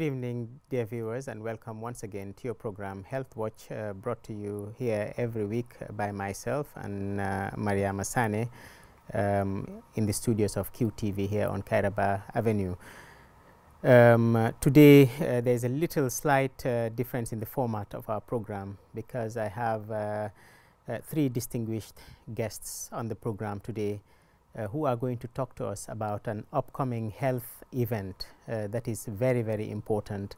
Good evening, dear viewers, and welcome once again to your program Health Watch, uh, brought to you here every week by myself and uh, Maria Masane um, in the studios of QTV here on Kairaba Avenue. Um, uh, today, there is a little slight uh, difference in the format of our program because I have uh, uh, three distinguished guests on the program today uh, who are going to talk to us about an upcoming health event uh, that is very, very important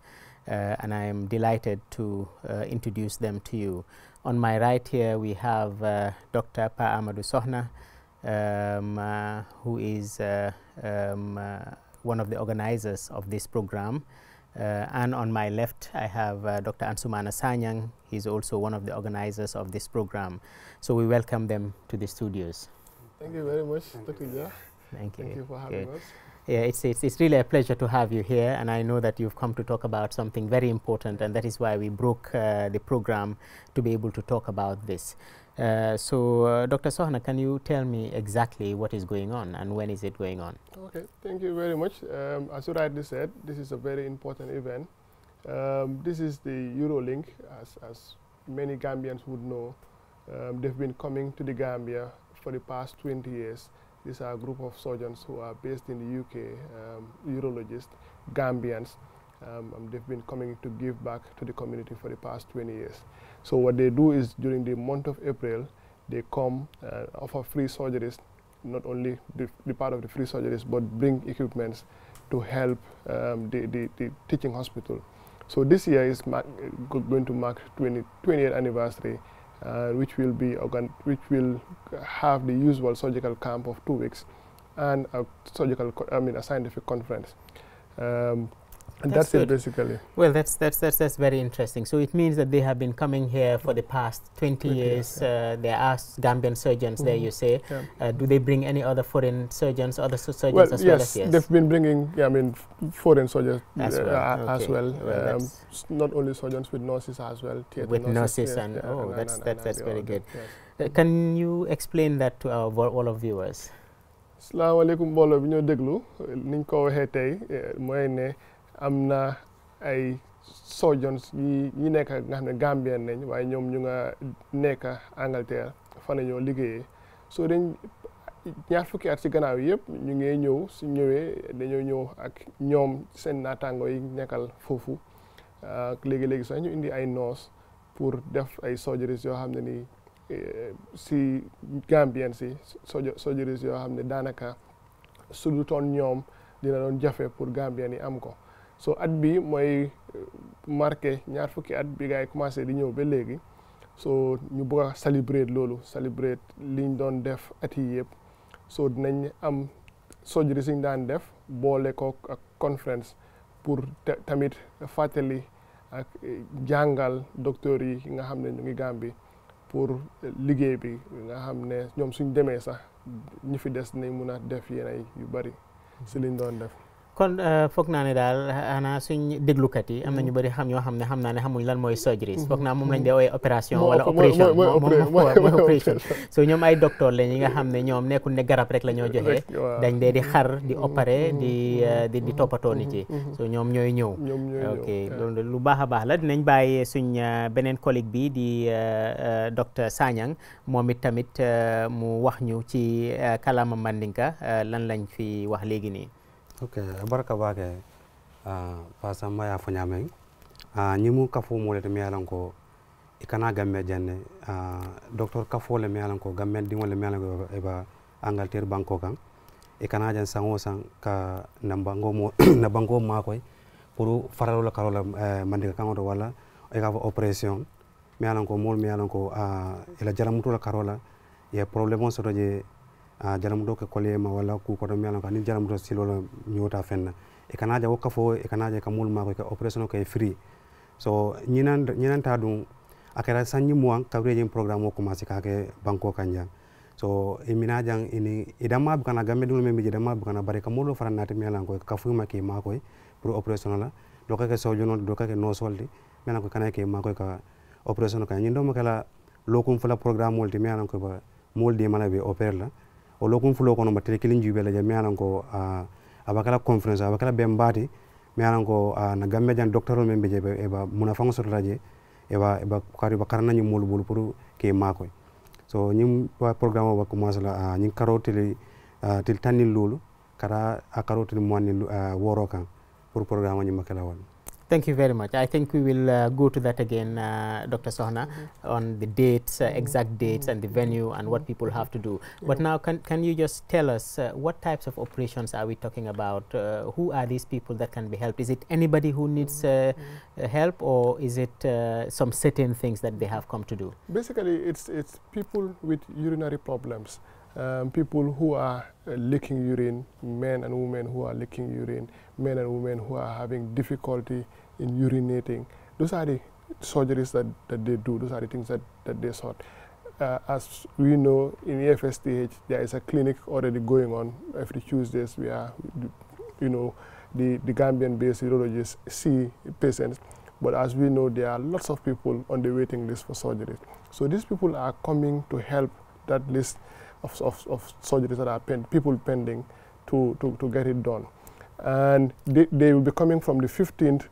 uh, and I am delighted to uh, introduce them to you. On my right here we have uh, Dr. Pa Amadou Sohna um, uh, who is um, one of the organizers of this program and on my left I have Dr. Ansumana Sanyang, he is also one of the organizers of this program. So we welcome them to the studios. Thank you very much, Takuja. Thank you. Thank you for having okay. us. Yeah, it's, it's, it's really a pleasure to have you here, and I know that you've come to talk about something very important, and that is why we broke uh, the program to be able to talk about this. Uh, so, uh, Dr. Sohana, can you tell me exactly what is going on and when is it going on? Okay, thank you very much. Um, as you rightly said, this is a very important event. Um, this is the Eurolink, as, as many Gambians would know. Um, they've been coming to the Gambia for the past 20 years. These are a group of surgeons who are based in the UK, um, urologists, Gambians. Um, um, they've been coming to give back to the community for the past 20 years. So what they do is during the month of April, they come uh, offer free surgeries, not only the, the, part of the free surgeries, but bring equipments to help um, the, the, the, teaching hospital. So this year is going to mark 20, 20th anniversary uh, which will be which will have the usual surgical camp of two weeks and a surgical, I mean, a scientific conference. Um, and that's, that's it basically. Well, that's, that's, that's, that's very interesting. So it means that they have been coming here for the past 20 years. years yeah. uh, there are Gambian surgeons mm -hmm. there, mm-hmm. you say. Yeah. Uh, do they bring any other foreign surgeons, other surgeons well, as yes, well as yes? they've been bringing, yeah, I mean, foreign surgeons as uh, well. Uh, okay. as well. well um, not only surgeons, with nurses as well. With nurses, nurses and, yeah, oh, and that's, and that's, and that's very good. Yes. Uh, can you explain that to our all of viewers? Assalamu alaikum, Bolo. We know Deglu. Ninko am na ay surgeons yi nekk nga xam ne Gambien nañ waaye ñoom ñu nga nekk Angleterre fan la ñoo liggéeyee soo dañ ñaar fukki at si gannaaw yëpp ñu ngi ñëw su ñëwee dañoo ñëw ak ñoom seen naataango yi nekkal foofu léegi-léegi soo ñu indi ay nurse pour def ay surgeries yoo xam ne ni eh, si Gambien si surgeries yoo xam ne daanaka su du toon ñoom dina doon jafe pour Gambien yi am ko so at bi mooy euh, marqué ñaar fukki at bi gars yi commencé di ñëw ba léegi soo ñu bëgg a célébrer loolu célébrer liñ doon def at yi yëpp soo dinañ am surgery siñ daan def boole ko ak conférence pour tamit fàttali ak euh, jàngal docteur yi nga xam ne ñu ngi Gàmbi pour liggéey bi nga xam ne ñoom suñ demee sax ñi fi des nañ mun a def yeneen yu bari si liñ doon def kon eh, foog naa ne daal xanaa suñ déglukat yi am nañu ñu mm. bëri xam ñoo xam ne xam naa ne xamuñ lan mooy surgery mm-hmm. foog naa moom lañ mm-hmm. dee ooyee opération wala opération mooy opération so ñoom ay docteur lañ yi nga xam ne ñoom nekkul ne garab rek la ñoo dañ dee di xar di mm-hmm. opéré di eh, di di toppatoo nit yi so ñoom ñooy ñëw ok loolu lu baax a baax la dinañ bàyyi suñ eh, beneen collègue bi di docteur Sanyang moom it tamit mu wax ñu ci kàllaama Mandinka lan lañ fi wax léegi nii ok barka baake uh, ah, pasamba ya foñamen uh, ah, ñimu kafo mole to miyalan ko i kana gamme janne uh, ah, docteur kafo le miyalan ko gamme diŋo le miyalan ko eba angleterre banko kan i kana jan saŋo ka na banko mo na banko makoy pour faralo la kalo eh, mandika kaŋo to walla i ka fo opération miyalan ila jalamutu la karo la ye problème soto je Ah, jaramudo ke kole ma wala ku ko mi alan ko ni jaramudo silo la nyota fenna e kanaja wo kafo e kanaja ka kamul ma ko ke operation ko e free so ñinan ñinan ta dum akara sanni mo an kabre jeng programme ko ma masi ka ke banko kanja so e mina ini idama bu kana gambe dum membe idama kana bare kamulo faran nati mi alan ko ka fu ma ke ma ko pour operation la do ka ke so jono do ka ke no soldi mi alan ko kana ke ma ko ka operation ka ñindo mo kala lokum fula programme wolti mi alan ko ba moldi mala be opere la o lokum fulo kono matele kilin jube la jami alan ko uh, abakala conference abakala bembati mi alan ko uh, na gamme jan docteur men be je eba munafango soto laje eba eba kari e ba karana ni mol bol puru ke makoy so ni wa programme wa commence la uh, nyin karoteli uh, tanni lolu kara a karo moanni uh, woro kan pour programme nyi makala wala Thank you very much. I think we will uh, go to that again, uh, Dr. Sohna, mm -hmm. on the dates, uh, exact mm-hmm. dates and the mm-hmm. venue and what people have to do. Mm-hmm. But now, can, can you just tell us uh, what types of operations are we talking about? Uh, who are these people that can be helped? Is it anybody who needs uh, help or is it some certain things that they have come to do? Basically, it's, it's people with urinary problems. Um, people who are uh, leaking urine, men and women who are leaking urine, men and women who are having difficulty in urinating. Those are the surgeries that, that they do. Those are the things that, that they sort. Uh, as we know, in EFSTH, there is a clinic already going on every Tuesdays We are, you know, the, the Gambian-based urologists see patients. But as we know, there are lots of people on the waiting list for surgeries. So these people are coming to help that list of, of, of surgeries that are pending, people pending to, to, to get it done. And they, they will be coming from the 15th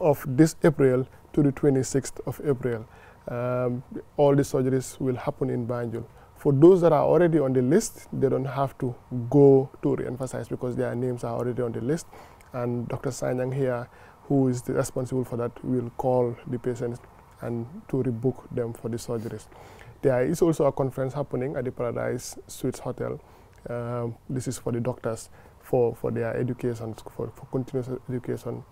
of this April to the 26th of April. Um, all the surgeries will happen in Banjul. For those that are already on the list, they don't have to go to re-emphasize because their names are already on the list. And Dr. Sanyang here, who is responsible for that, will call the patients and to rebook them for the surgeries. There is also a conference happening at the Paradise Suites Hotel. Um, this is for the doctors for, for their education, for, for continuous education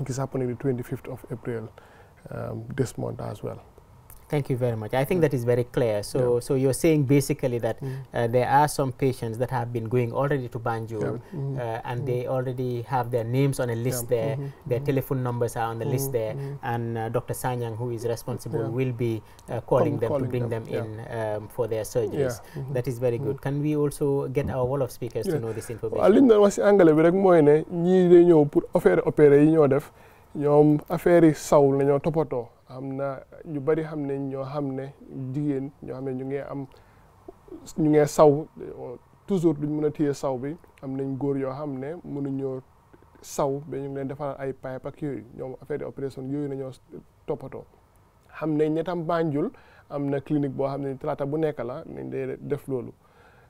it is happening the 25th of April um, this month as well. Thank you very much. I think mm. that is very clear. So, yeah. so you're saying basically that mm. uh, there are some patients that have been going already to Banjul, yeah. Uh, mm-hmm. mm. uh, and they already have their names on a list yeah. there. -hmm. Their mm-hmm. telephone numbers are on the list mm-hmm. there, and uh, Dr. Sanyang, who is responsible, will be uh, calling them calling to bring them, them in um, for their surgeries. -hmm. That is very good. Can we also get our wall of speakers to know this information? ñoom affaire yi saw la toppatoo am na ñu bari xam ne ñoo xam ne jigéen ñoo xam ne ñu ngi am ñu ngee saw toujours duñ mun a téye saw bi am nañ góor yoo xam ne mënuñoo saw ba ñu ngi leen defal ay pipe ak yooyu ñoom affaire yi yooyu nañoo toppatoo xam ne ñettam Banjul am na clinique boo xam ne talaata bu nekk la nañ dee def loolu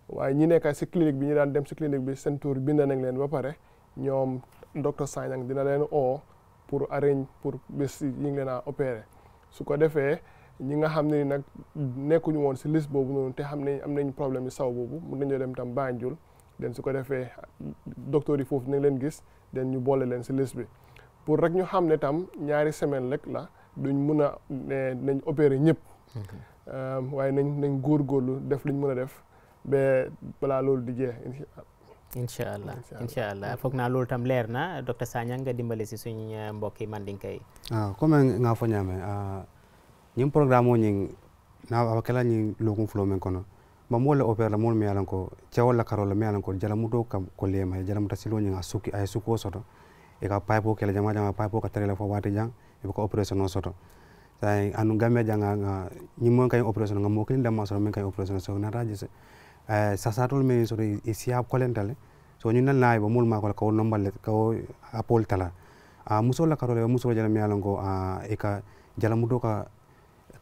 waaye ñi nekk si clinique bi ñu daan dem si clinique bi seen tour bind nañ leen ba pare ñoom docteur Sagnang dina leen oo pour arrange pour bés yi ñu ngi leen a opéré su ko defee ñi nga xam ne ni nag nekkuñu woon si liste boobu noonu te xam ne am nañ problème yi saw boobu mun nañoo dem tam Banjul den su ko defee docteur yi foofu nañ leen gis den ñu boole leen si liste bi pour rek ñu xam ne tam ñaari semaine rek la duñ mun a ne nañ opéré ñëpp euh, waaye nañ nañ góor góorgóorlu def liñ mën a def ba balaa loolu di jeex inshallah inshallah incha allah naa loolu tam leer na docteur sanya nga dimbali si suñ eh, man mandinka kay ah comme nga fo ñame ah ñim programme o ñing na ba kala ñi lokum flo men kono ba mo le opéra mo me yalan ko cewol wala karol me yalan ko jala mu do kam ko le ma jala mu tasilo nga asuki ay suko soto e ka pipe ko le jama jama pipe ka tere la fo wati jang e ko opération no soto tay anu gamme jang ah, nga ñi mo kay opération nga mo kelin dama so men kay opération so na raje eh sasatol men so e siap kolentale so ñun nan laawi bo mul ma ko la nombal le kawo apol ah, tala a ah, musol la karole musol jala mi ala a e ka jala mu do ka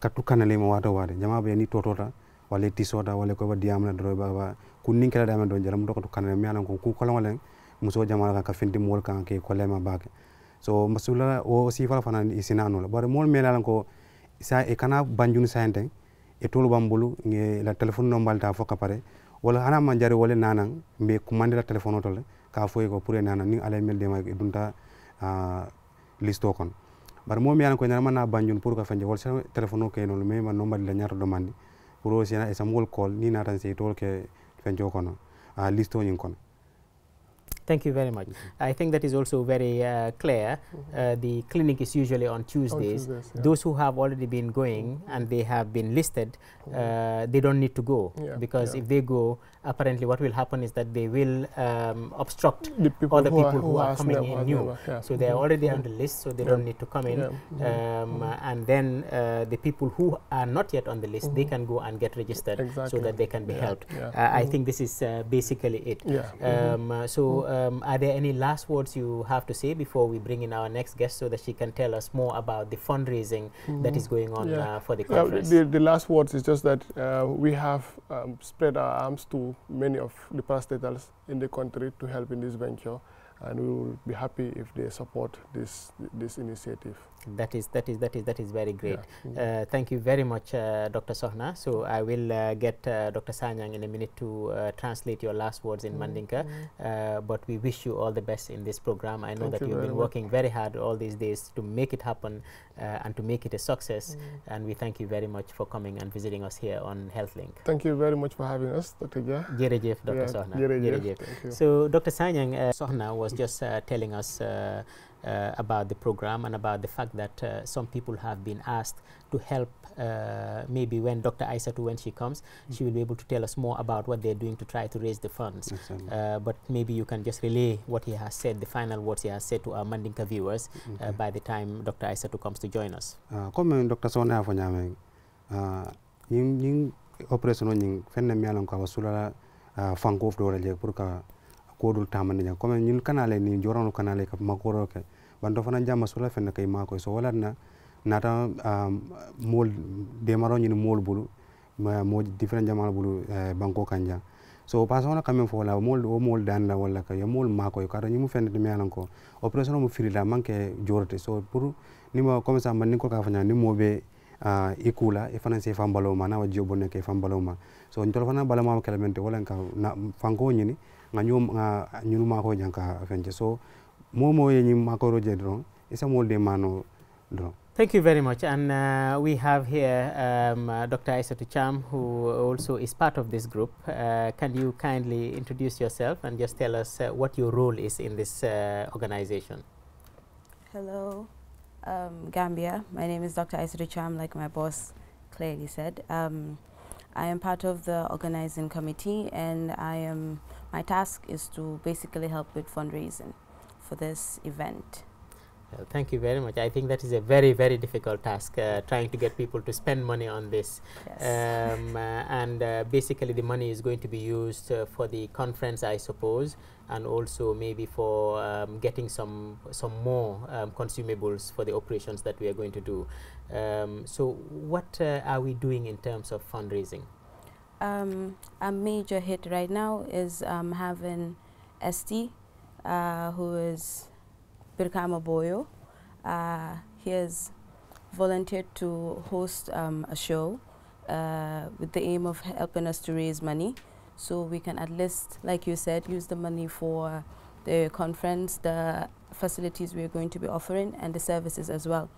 kattu kanale mo wato wade jama be ni totota wala ti soda wala ko wadi amna do ba ba kun nin kala dama don jala mu do ka kanale mi ala ku ko lawale muso jama la ka fendi mol kan ke ko lema baake so masula o sifala fana isinano la bare mol mi ala sa e kana banjun sayente e tolu bambulu nge la telephone nombal ta fo ka pare wala hana manjari wala nanan la kumandira telefono tole ka foy ko pour nana ni alay mel de ma dunta uh, listo kon bar mi yana ko nana na banjun pour ka fanje wala telefono ke non me man nomba la nyaato do mandi pour o sina e samwol call ni natan sey tol ke fenjo kono a uh, listo nyin kono Thank you very much. Mm-hmm. I think that is also very uh, clear. Mm-hmm. Uh, the clinic is usually on Tuesdays. On Tuesdays yeah. Those who have already been going and they have been listed, mm-hmm. uh, they don't need to go yeah, because yeah. if they go, apparently what will happen is that they will um, obstruct the people all the people who are, who are coming in new. Yeah. So they are mm-hmm. already on the list, so they yeah. don't need to come in. Mm-hmm. Um, and then uh, the people who are not yet on the list, mm -hmm. they mm-hmm. can go and get registered exactly. so that they can be helped. Uh, mm -hmm. I think this is uh, basically it. Um, uh, so um, are there any last words you have to say before we bring in our next guest so that she can tell us more about the fundraising mm -hmm. that is going on uh, for the conference? The, the, last words is just that we have um, spread our arms to many of the parastatals in the country to help in this venture and we will be happy if they support this, this initiative. That is that is that is that is very great. Yeah. Uh, thank you very much, uh, Dr. Sohna. So I will uh, get uh, Dr. Sanyang in a minute to uh, translate your last words in mm. Mandinka. Mm. but we wish you all the best in this program. I know thank that you have been working very hard all these days to make it happen and to make it a success. Mm. And we thank you very much for coming and visiting us here on HealthLink. Thank you very much for having us, Dr. Jia. Jerejef, Dr. Yeah, Sohna. Jerejef. So Dr. Sanyang Sohna was just telling us uh, about the program and about the fact that uh, some people have been asked to help. Uh, maybe when Dr. Isatu, when she comes, mm -hmm. she will be able to tell us more about what they're doing to try to raise the funds. Uh, but maybe you can just relay what he has said, the final words he has said to our Mandinka viewers okay. Uh, mm-hmm. by the time Dr. Isatu comes to join us. Uh, comme Dr. Sona Fanyame, yung operation yung fenne mialon ka wasulala fango fdora je kodul tamande nya comme ñun kanale ni joranu kanale ka makoro ke wando fana jama sula fenna kay mako so wala na nata um, mol demaro ñun mol bulu ma mo different jamal bulu eh, banko kanja so pasona kamen fo la mol o mol dan la wala ka ya mol mako ka ñimu fenna de melan ko operation mo firi manke jorte so pour ni ma comme man ni ko ka fanya ni mo be uh, i kula i fana se fan baloma so ntol balama kala wala ka fanko ñini nga ñunu fenje so mo mo ye ñi dron de mano dron Thank you very much. And uh, we have here um, uh, Dr. Isatu Cham, who also is part of this group. Uh, can you kindly introduce yourself and just tell us uh, what your role is in this uh, organization? Hello, um, Gambia. My name is Dr. Isatu Cham, like my boss clearly said. Um, I am part of the organizing committee and I am my task is to basically help with fundraising for this event. Well, thank you very much. I think that is a very, very difficult task, uh, trying to get people to spend money on this. Yes. Um, uh, and uh, basically, the money is going to be used uh, for the conference, I suppose, and also maybe for um, getting some some more um, consumables for the operations that we are going to do. Um, so, what uh, are we doing in terms of fundraising? um, a major hit right now is um, having Esti, uh, who is Birkama Boyo. Uh, he has volunteered to host um, a show uh, with the aim of helping us to raise money so we can at least, like you said, use the money for the conference, the facilities we're going to be offering, and the services as well.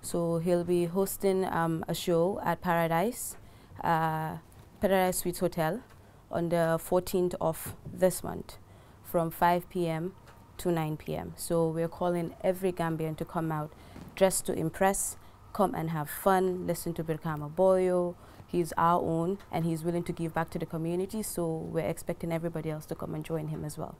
So he'll be hosting um, a show at Paradise uh, Paradise Suites Hotel on the 14th of this month from 5 p.m. to 9 p.m. So we're calling every Gambian to come out dressed to impress, come and have fun, listen to Birkama Boyo. He's our own and he's willing to give back to the community. So we're expecting everybody else to come and join him as well.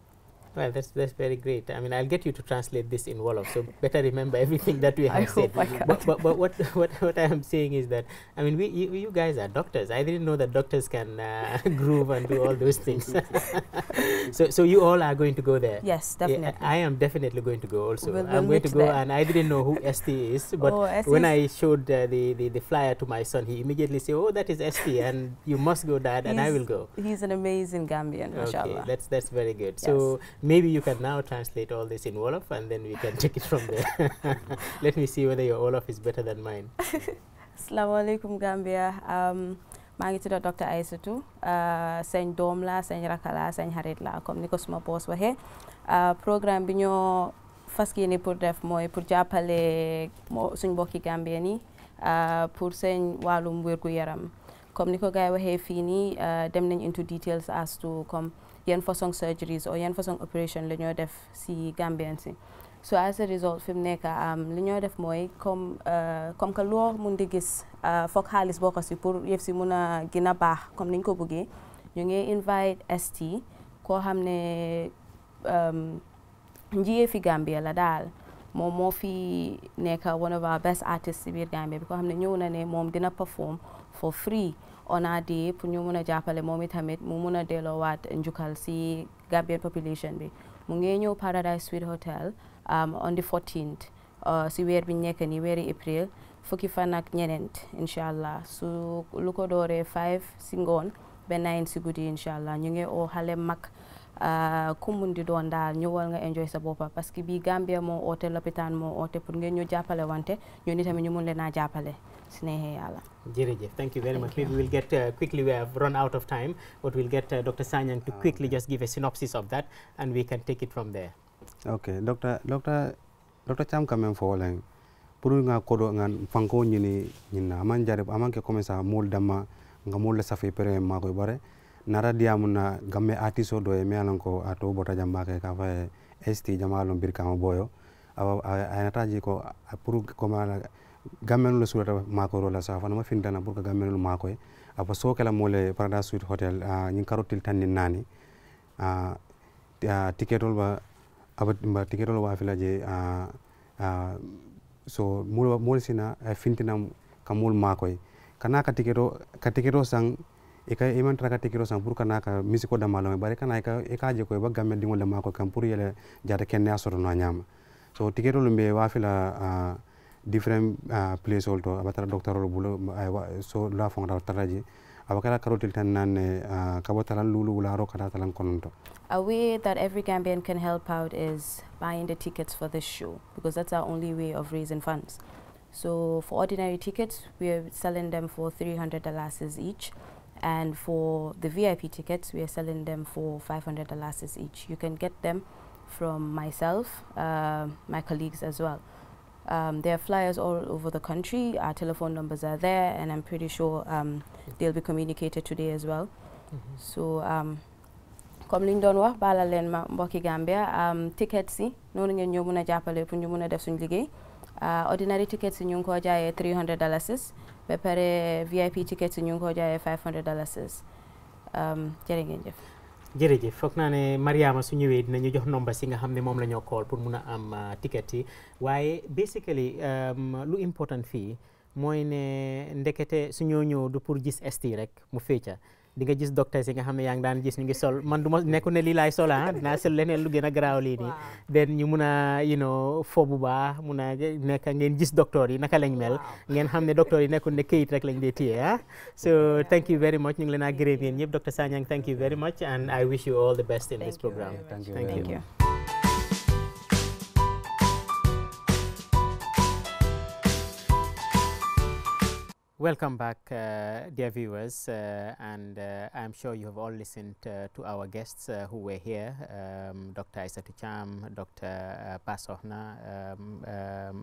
Well, that's that's very great. I mean, I'll get you to translate this in Wolof, so better remember everything that we have I said. But, but, but what what what I am saying is that I mean, we you, you guys are doctors. I didn't know that doctors can uh, groove and do all those things. so so you all are going to go there. Yes, definitely. Yeah, I am definitely going to go also. We'll, we'll I'm going to go, there. and I didn't know who ST is, but oh, when I showed uh, the, the the flyer to my son, he immediately said, "Oh, that is ST, and you must go, Dad, and I will go." He's an amazing Gambian, mashallah. Okay, that's that's very good. Yes. So Maybe you can now translate all this in Wolof and then we can take it from there. Let me see whether your Wolof is better than mine. Assalamu alaikum Gambia. Um, maa ngi Dr Aissatou uh, seen Domla, la Rakala, rakk la Kom niko la comme ni suma boss waxee uh, programme binyo ñoo ni yéene pour def mooy pour jàppale suñ mbokki Gambien yi uh, pour seen wàllum wérgu yaram Kom niko ko gars fini waxee dem nañ into details as to comme yan façon surgeries or yan façon opération la ñoo def si Gambien si so as a result fi mu nekk um, li ñoo def mooy comme euh, comme que loo mun di gis euh, foog xaalis boo si pour yëf si mun a gën a baax comme niñ ko bëggee ñu ngi invite ST koo xam ne um, njiyee fi Gambia la daal moom moo fi nekk one of our best artists si biir Gambia bi koo xam ne ñëw na ne moom dina perform for free ONADIB pour ñu mun a jàppale moom itamit mu mun a delloowaat njukkal si Gambian population bi mu ngi ñëw Paradise Suite Hotel um, on the 14 uh, si weer bi nekk ni weeri april fukki fan ak ñeneent incha allah su lu ko dooree 5 si ngoon ba 9 si guddi incha allah ñu ngi oo xale mag uh, ku mun di doon daal ñëwal nga enjoy sa boppa parce que bii Gambia moo oote lopitaan moo oote pour ngee ñu jàppale wante ñoo ni tamit ñu mun leen naa jàppale su neexee thank you very much maybe we'll get uh, quickly we have run out of time but we'll get uh, Dr. Sanyang to quickly just give a synopsis of that and we can take it from there okay Dr. Dr. Dr. Cham kamen fo lang pour nga kodo nga fanko ñini ñina aman jarib aman ke commencer mol dama nga mol la safi pere ma koy bare nara diamu na gamme artiste do e melan ko ato bota jamba ke ka fa ST jamalon bir kama boyo a ayata ji ko pour gammenol surata makoro la sa fana ma findana pour que gammenol makoy e. apa so kala mole parada suite hotel nyin karotil tanni nani a ticketol ba aba ba ticketol wa fila je a so mol mol sina fintinam kamol makoy kana ka ticketo e. ka ticketo sang ika e iman tra ka ticketo sang pour kana ka misiko da malome bare kana ika ika je ko ba gamme dingol da makoy kam pour yele jata kenne asoro no nyama so ticketo lumbe wa fila uh, different uh, place abatara doctor so la lulu talan a way that every gambian can help out is buying the tickets for this show because that's our only way of raising funds so for ordinary tickets we're selling them for 300 dollars each and for the vip tickets we are selling them for 500 dollars each you can get them from myself uh, my colleagues as well um, there are flyers all over the country. Our telephone numbers are there, and I'm pretty sure um, they'll be communicated today as well. Mm -hmm. So, um, comme liñ doon wax baalal ma Gambia um, ticket si noonu ngeen ñoo mun uh, ordinary tickets si 300 dollars ba pare VIP tickets si 500 dollars um, jërë jërëjëf foog naa ne Mariama su ñëwee dinañu jox nomba si nga xam ne moom la ñoo call pour mun a am ah, ticket yi waaye basically um, lu important fii mooy ne ndekete su ñoo ñëw du pour gis ST rek mu féeca di nga gis docteur yi nga xam ne yaa ngi daan gis ñu ngi sol man du ma nekku ne lii laay sol ah dinaa sol leneen lu a garaaw lii nii den ñu mun a you know fo bu baax mun a nekk ngeen gis docteur yi naka lañ mel ngeen xam ne docteur yi nekkul ne këyit rek lañ dee téye ah so thank you very much ñu le leen a gërëm yéen ñëpp docteur Sanyang thank you very much and I wish you all the best in this program Welcome back uh, dear viewers uh, and uh, I am sure you have all listened uh, to our guests uh, who were here um, Dr. Isatu Cham, Dr. Pa uh, Sohna, um,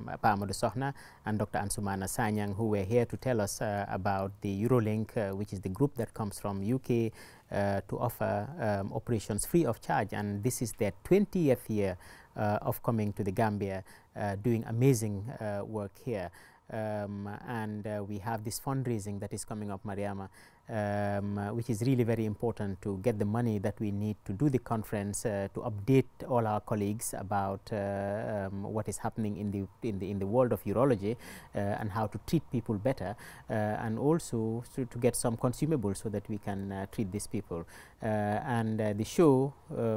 um, pa Sohna and Dr. Ansumana Sanyang who were here to tell us about the Eurolink which is the group that comes from UK to offer um, operations free of charge and this is their 20th year of coming to the Gambia doing amazing work here um, and uh, we have this fundraising that is coming up Mariama um, which is really very important to get the money that we need to do the conference uh, to update all our colleagues about uh, um, what is happening in the in the in the world of urology uh, and how to treat people better uh, and also to, to, get some consumables so that we can uh, treat these people and the show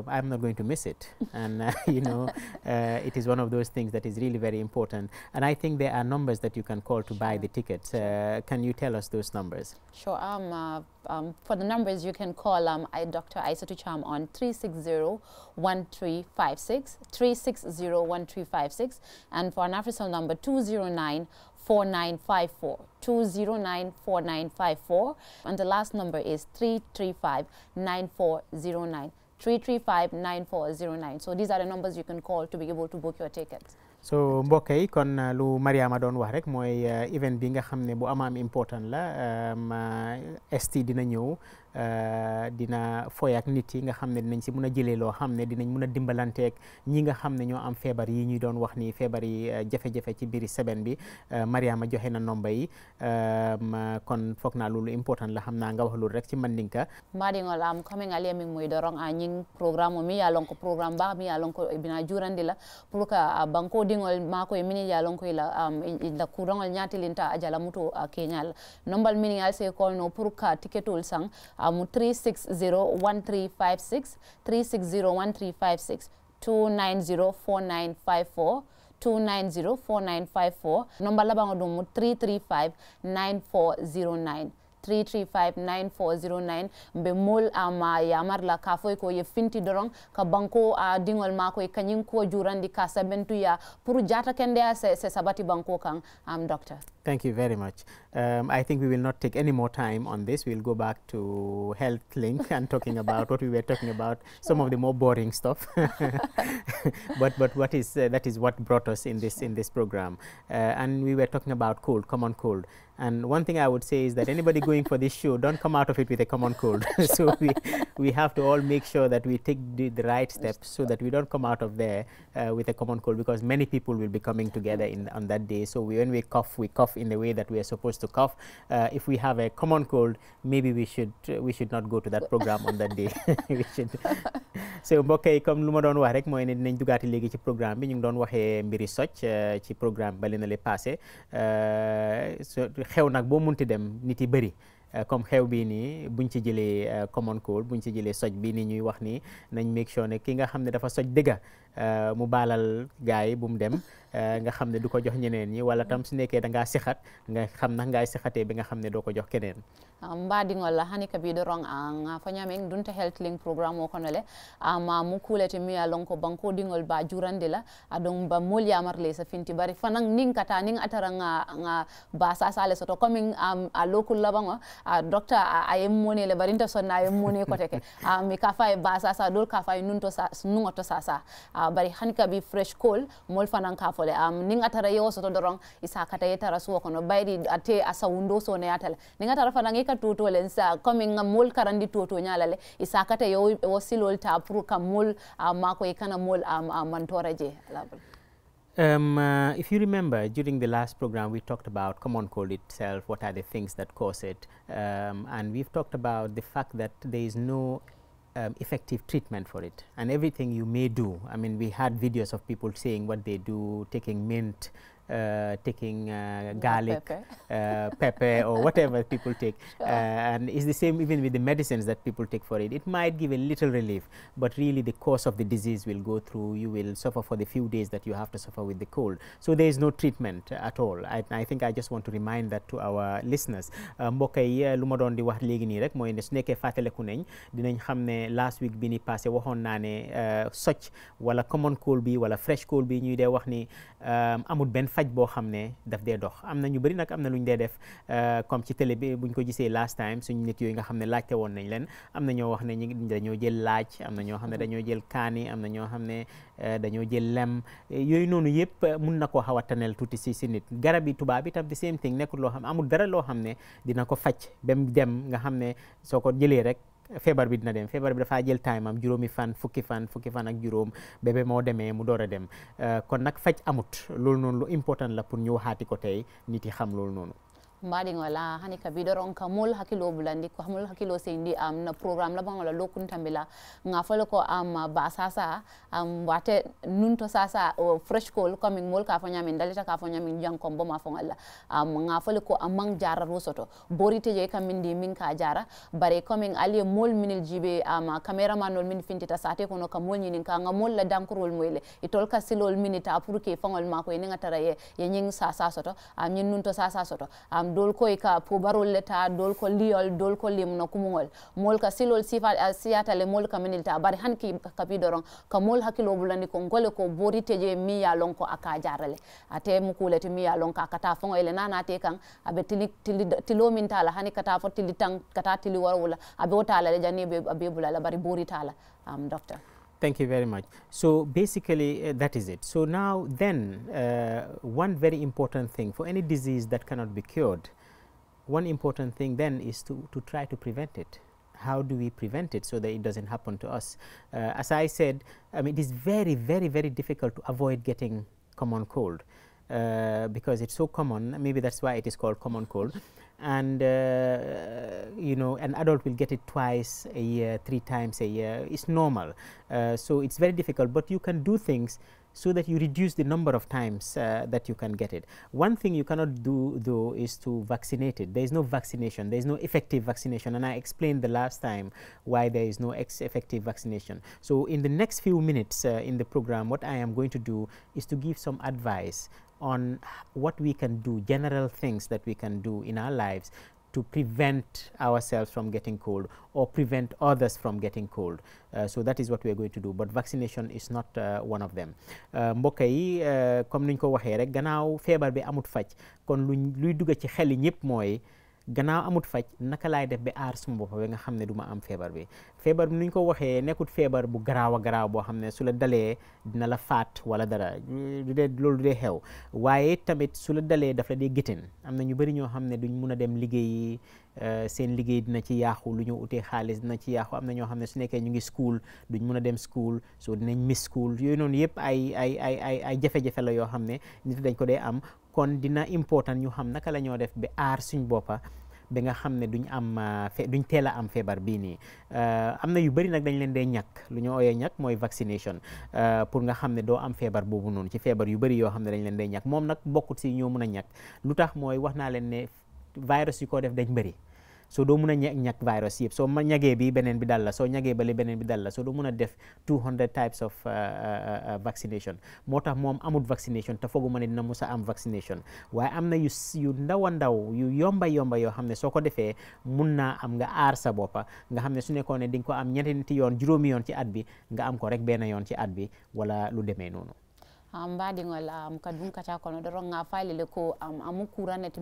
I'm not going to miss it and you know it is one of those things that is really very important and I think there are numbers that you can call to buy the tickets can you tell us those numbers sure um, uh, um, for the numbers, you can call um, I, Dr. Isatu Tucham on 360-1356, 360-1356, and for an Africell number 209 4954 209 4954 and the last number is 335 9409 335 9409 so these are the numbers you can call to be able to book your tickets so mbokk yi kon euh, lu Mariama doon wax rek mooy euh, event bi nga xam ne bu amaam important la euh, ST dina ñëw Euh, dina foy ak nit yi nga xam ne dinañ si mun a jëlee loo xam ne dinañ mun a dimbalanteeg ñi nga xam ne ñoo am feebar yi ñuy doon wax ni feebar yi euh, jafe-jafe ci biir semaine bi euh, Mariama joxe na nomba yi kon foog naa loolu important la xam naa nga wax loolu rek ci mandinka maɗigol am coming ale min moy dorong a uh, ñing programme uh, mi ya lonko programme ba mi ya lonko bina jurandi la pour que uh, banko dingol mako e mini ya lonko ila la um, courantgol ñatilinta a jala mutu a keñal nombal minial se kolno pour que ticketol sang um, 3601356 3601356 2904954 2904954 nomba labango ɗum 335 9409 3359409 mbe mol ama yamar la kafoy ko ye finti dorong ka banko a ah, dingol mako e kanyin ko jurandi ka sabentu ya pour jata kende se, se sabati banko kang. kan um, doctor Thank you very much. Um, I think we will not take any more time on this. We'll go back to Health Link and talking about what we were talking about, some of the more boring stuff. but but what is uh, that is what brought us in this in this program, uh, and we were talking about cold, common cold. And one thing I would say is that anybody going for this show, don't come out of it with a common cold. so we, we have to all make sure that we take the, the right steps so that we don't come out of there uh, with a common cold because many people will be coming together in, on that day. So we, when we cough, we cough in the way that we are supposed to cough. Uh, if we have a common cold, maybe we should uh, we should not go to that programme on that day. we should. so mbokk comme lu ma wax rek mooy ne dinañ dugaati léegi ci programme bi ñu ngi doon mbiri socc uh, ci programme bali le passé. Uh, xew nag boo munti dem nit yi bëri euh, comme xew bii nii buñ ci jëlee euh, common cold buñ ci jëlee soj bii nii ñuy wax nii nañ make sure ne ki nga xam ne dafa soj dëgga Euh, mu baalal gars yi bu mu dem euh, nga xam ne du ko jox ñeneen ñi wala tam su nekkee da ngaa sixat nga xam na ngay sixatee bi nga xam ne doo ko jox keneen ah, mbaɗigolla hani kabiɗo rong ah, fa ñameng dunta health link programme o kono le ah, ma mu kuulete miya lon ko dingol ba jurande la aɗon ba molyamar le sa finti bari fanan nin kata nin atara nga ba sasale soto commin a lokul laban o docteur a moni le barinta sonna a yemmone koteke mi ka fa e ba sasa dol ka fa e nun to nugo to sasa Ah, bari fresh coal mol fanan ka fole am ah, ninga tara yo dorong isa kata bayri ate asa wundo so ne ninga tara fanan e ka toto len sa mol karandi toto isa kata yo ta ka mol ah, e kana mol mantora je labal Um, uh, if you remember, during the last program, we talked about common cold itself, what are the things that cause it, um, and we've talked about the fact that there is no um, effective treatment for it and everything you may do. I mean we had videos of people saying what they do, taking mint uh, taking uh, garlic, pepper. Uh, pepper. or whatever people take. Sure. Uh, and it's the same even with the medicines that people take for it. It might give a little relief, but really the course of the disease will go through. You will suffer for the few days that you have to suffer with the cold. So there is no treatment at all. I, I think I just want to remind that to our listeners. mbokk rek last week bini passé waxoon naa wala common cold bi wala fresh cold bi ñuy dee wax ni um, amul xaj boo xam ne dee dox am na ñu bëri nag am na lu ñu dee def euh, comme ci télé bi buñ ko gisee last time suñu nit yooyu nga xam ne laajte woon nañ leen am na ñoo wax ne ñi dañoo jël laaj am na ñoo xam ne mhm. dañoo jël kaani am na ñoo xam ne euh, dañoo jël lem yooyu noonu yëpp euh, mun na koo xaw a tanel tuuti si si nit garab yi tubaab yi tam the same thing nekkul loo xam amul dara loo xam ne dina ko faj ba dem nga xam ne soo ko jëlee rek feebar bi dina dem feebar bi dafaa jël time am juróomi fan fukki fan fukki fanak juróom bébé moo demee mu door a dem euh, kon nag faj amut loolu noonu lu important la pour ñu waxaati ko tey nit yi xam loolu noonu mbaɗi ngola hani ka biɗor on ka mul hakkilo bulandi ko mol hakkilo sendi am na programme la bangola lokun tambila nga fole ko am ba sasa am um, wate nunto sasa uh, fresh call coming mul ka fanya min dalita ka fanya foñamin jankom boma fogol am nga fole ko amang jara rosoto boritejoy min di min ka jara bare komin aliye mol minil jibe am cameramanol min finti ta sate ko no ka mul ñinin ka nga mul la dankorol moyle e ka silol minita pour que fogol ma ko ni niga tara ye ye ñing sasa soto am ñin nunto sasa soto am dolkoy ka pobarol leta dolko liyol dolko limno kumugol mol ka silol sifa le mol ka minil ta bari han ki kapi doron ka mol hakilo bulani ko ngole ko boriteje mi ya lon ko aka jarale ate mukulete mi ya lon ka kata fongo ele nanate kan abe tili, tili, tilo min tala hani kata fo tili tan kata tili warwula abe o tala le janibe abe bulala bari bori tala um, doctor Thank you very much. So, basically uh, that is it. So, now then uh, one very important thing for any disease that cannot be cured, one important thing then is to, to try to prevent it. How do we prevent it so that it does not happen to us? Uh, as I said, I mean it is very, very, very difficult to avoid getting common cold uh, because it is so common maybe that is why it is called common cold and uh, you know an adult will get it twice a year three times a year it's normal uh, so it's very difficult but you can do things so that you reduce the number of times uh, that you can get it. One thing you cannot do though is to vaccinate it. There is no vaccination, there is no effective vaccination and I explained the last time why there is no effective vaccination. So in the next few minutes uh, in the program what I am going to do is to give some advice on what we can do, general things that we can do in our lives to prevent ourselves from getting cold or prevent others from getting cold. Uh, so, that is what we are going to do, but vaccination is not uh, one of them. Uh, uh, comme gannaaw amut faj naka laay def ba aar suma bopp ba nga xam ne du ma am feebar bi feebar bi ni ñu ko waxee nekkut feebar bu garaaw a garaaw boo xam ne su la dalee dina la faat wala dara du loolu du xew waaye tamit su la dalee daf la dee géttéen am na ñu bëri ñoo xam ne duñ mun a dem liggéeyi euh, seen liggéey dina ci yaaxu lu ñu utee xaalis dina ci yaaxu am na ñoo xam ne su nekkee ñu ngi school duñ mun a dem school so dinañ miss school yooyu noonu yëpp ay ay ay ay ay jafe la yoo xam ne nit dañ ko dee am kon dina important ñu xam naka la ñoo def ba aar suñ boppa ba nga xam ne duñ am euh, fe duñ teel a am feebar bii nii euh, am na yu bari nag dañ leen dee ñàkk lu ñu ooyee ñàkk mooy vaccination euh, pour nga xam ne doo am feebar boobu noonu ci feebar yu bëri yoo xam ne dañ leen dee ñàkk moom nag bokkut si ñoo mun a ñàkk lu tax mooy wax naa leen ne virus yu ko def dañ bëri so doo mun a ñag virus yëpp soo ñagee bi beneen bi dal la soo ñagee bale beneen bi dal la soo doo mun a def types of uh, uh, uh, vaccination moo tax moom amut vaccination te fooguma ne dina musa am vaccination waaye am na yu yu ndaw a ndaw yu yomba yomba yoo xam ne soo ko defee mun na am nga aar sa boppa nga xam ne su nekkoon ne di ko am ñeenti yoon juróomi yoon ci at bi nga am ko rek benn yoon ci at bi wala lu demee noonu um, ah, mbaɗigol um, ah, ka dum kaca kono ko um, amu kuranete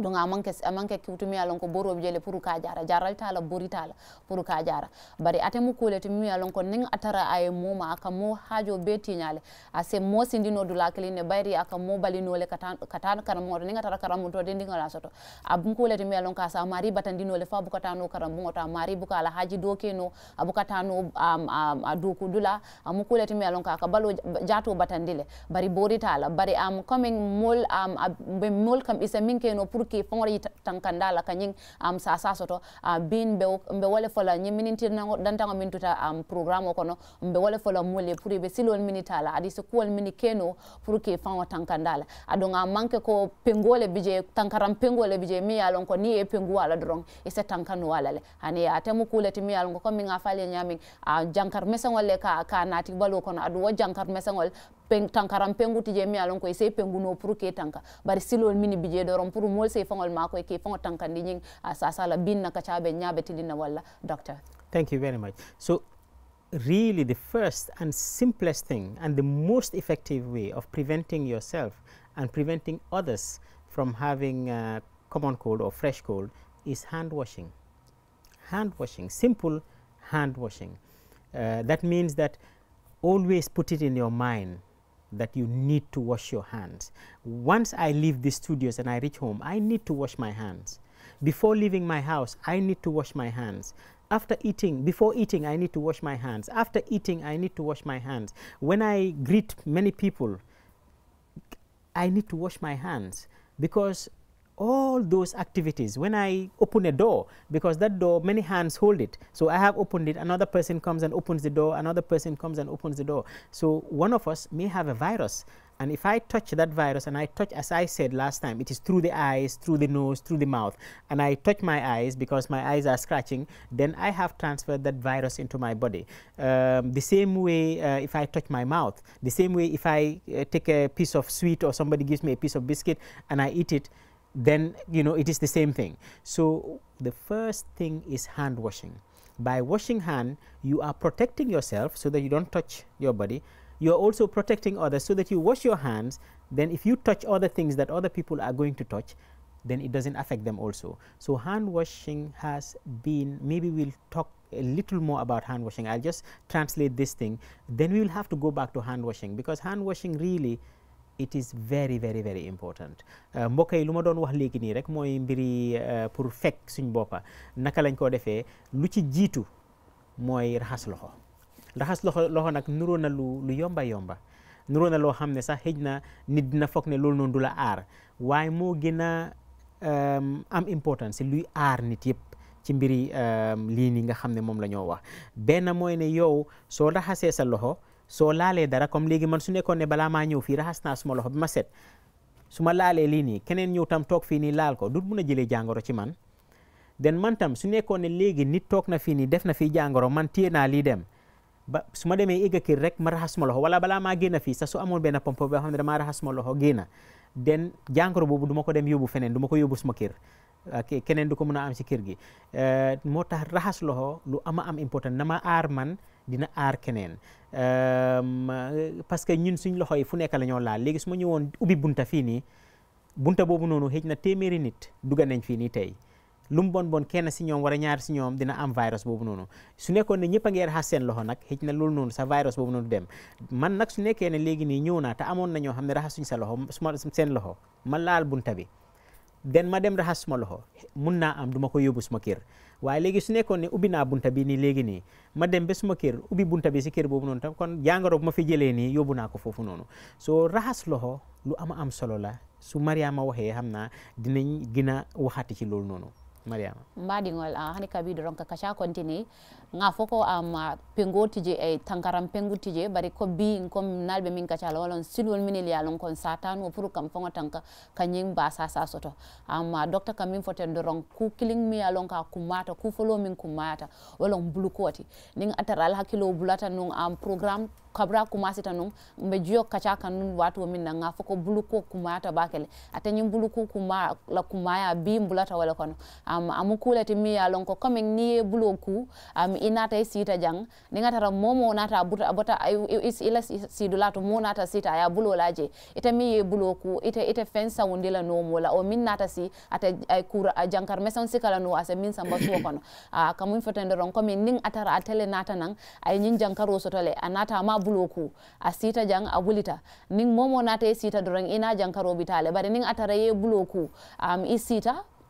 donc a manque a manque kiwtumi alon ko boroɓe jele pour ka jara jarral tala bori tala pour ka jara bari atemu kule to mi alon ko nen atara aye moma aka mo hajo be tiñale ase mo sindino dula keline bayri aka mo balinole katan katan karamoto nen atara to de ndingala soto abum kule to mi alon ka sa mari batandinole fa bukatano karamoto ta mari bukala haji dokeno abukatano um, am am adu kudula amu kule to mi alon ka aka balo jato batandile bari bori tala bari am coming mol am be mol kam isa minkeno pour burki ki fon yi tankanda la kanyin am sa sa soto bin be mbe wale fola nyi mininti nango dantango mintuta um, programo kono mbe wale fola mule pour be silol minitala adi se kuol mini keno pour ki fon tankanda la adonga manke ko pengole bije tankaram pengole bije mi alon ko ni e pengu ala drong ise e tankanu wala le ani atemu kuleti mi alon ko min afale nyami jankar mesangol le ka ka nati kono adu jankar mesangol peng pengu alon ko pengu no pour ke tanka bari mini bije pour mol fangol mako ke fango bin na nyabe tilina doctor thank you very much so really the first and simplest thing and the most effective way of preventing yourself and preventing others from having common cold or fresh cold is hand washing. Hand washing, simple hand washing. Uh, that means that always put it in your mind that you need to wash your hands. Once I leave the studios and I reach home, I need to wash my hands. Before leaving my house, I need to wash my hands. After eating, before eating, I need to wash my hands. After eating, I need to wash my hands. When I greet many people, I need to wash my hands because all those activities when I open a door because that door many hands hold it so I have opened it another person comes and opens the door another person comes and opens the door so one of us may have a virus and if I touch that virus and I touch as I said last time it is through the eyes through the nose through the mouth and I touch my eyes because my eyes are scratching then I have transferred that virus into my body um, the same way uh, if I touch my mouth the same way if I uh, take a piece of sweet or somebody gives me a piece of biscuit and I eat it then you know it is the same thing. So the first thing is hand washing. By washing hand, you are protecting yourself so that you don't touch your body. You are also protecting others so that you wash your hands. Then, if you touch other things that other people are going to touch, then it doesn't affect them also. So hand washing has been, maybe we'll talk a little more about hand washing. I'll just translate this thing. Then we will have to go back to hand washing because hand washing really it is very very very important euh, mbokk yi lu ma doon wax léegi nii rek mooy mbiri euh, pour fekk suñ boppa naka lañ ko defee lu ci jiitu mooy raxas loxo raxas loxo loxo nag nuroo na lu lu yomba yomba nuroo na loo xam ne sax xëj na nit dina foog ne loolu noonu du la aar waaye moo gën a euh, am importance si luy aar nit yëpp ci mbiri lii nii nga xam ne moom la ñoo wax benn mooy ne yow soo raxasee sa loxo soo laalee dara comme léegi man su nekkoon ne balaa maa ñëw fii raxas naa suma loxo bi ma set su ma laalee lii nii keneen ñëw tam toog fii nii laal ko dut mun a jëlee jàngoro ci man den mantam tam su nekkoon ne léegi nit toog na fii nii def na fii jàngoro man téye naa li dem ba su ma demee egg kër rek ma raxas suma loxo wala balaa maa génn fii sa su amoon benn pompe boo xam ne damaa raxas suma loxo génn den jàngoro boobu duma ko dem yóbbu feneen du ma ko yóbbu suma kër keneen du ko mën a am si kër gi eh, moo tax raxas loxo lu ama am important na ma aar man dina aar keneen ehm, parce que ñun suñ loxo yi fu nekk la ñoo laal léegi su ma woon ubbi bunta fii nii bunta boobu noonu xëj na téeméeri nit dugga nañ fii nii tey lu mu bon bon kenn si ñoom wala ñaar si ñoom dina am virus boobu noonu su nekkoon ne ñëpp a ngi raxas seen loxo nag xëj na loolu noonu sa virus boobu noonu dem man nag su nekkee ne nii ñëw naa te amoon na ñoo xam ne raxasuñ sa loxo suma seen loxo ma laal bunta bi den ma dem raxas ma loxo mun naa am duma ko yóbbu suma kër waaye léegi su nekkoon ne ubbi naa bunta bi nii léegi nii ma dem ba suma kër ubbi bunta bi si kër boobu noonu tam kon jàngoro bu ma fi jëlee nii na ko foofu noonu soo raxas loxo lu ama am solo la su Mariama waxee xam naa dinañ gën a waxati ci loolu noonu Mariama. mbaa di ngol ah hani kabi doron ka kasha continue nga foko am um, pengo tije e eh, tankaram pengu tije bari ko bi ko nalbe min ka chala walon silwol min ya lon kon satan wo furu kam fonga tanka kanyin ba sa sa soto am um, docteur kam min foten doron ku killing mi alon ka kumata ku folo min kumata walon blukoti ning ataral hakilo bulata non am um, programme kabra kumasita num mbe jiyo kacha kanun watu wa minna nga foko buluko kumata bakele atenyin ku kuma la kumaya bi mbulata wala kono am um, amukulati mi timi ya lonko coming ni buluku am um, i nata jang ningatara momo nata moo naata a buta a bota i to moo naata siita a ye a ite miŋ ye buloo ku ite ite feŋ sawundi la noomoo la o miŋ naata si ate ay kuura jankar meseŋ sika la noo a samba suo kono a ka muŋ feten komi niŋ a tara a tele naata naŋ a ye ñiŋ jankaroo soto le ku a siita jaŋ a wulita niŋ moo moo naata i siita doroŋ i naa bari niŋ a ye buloo ku um, i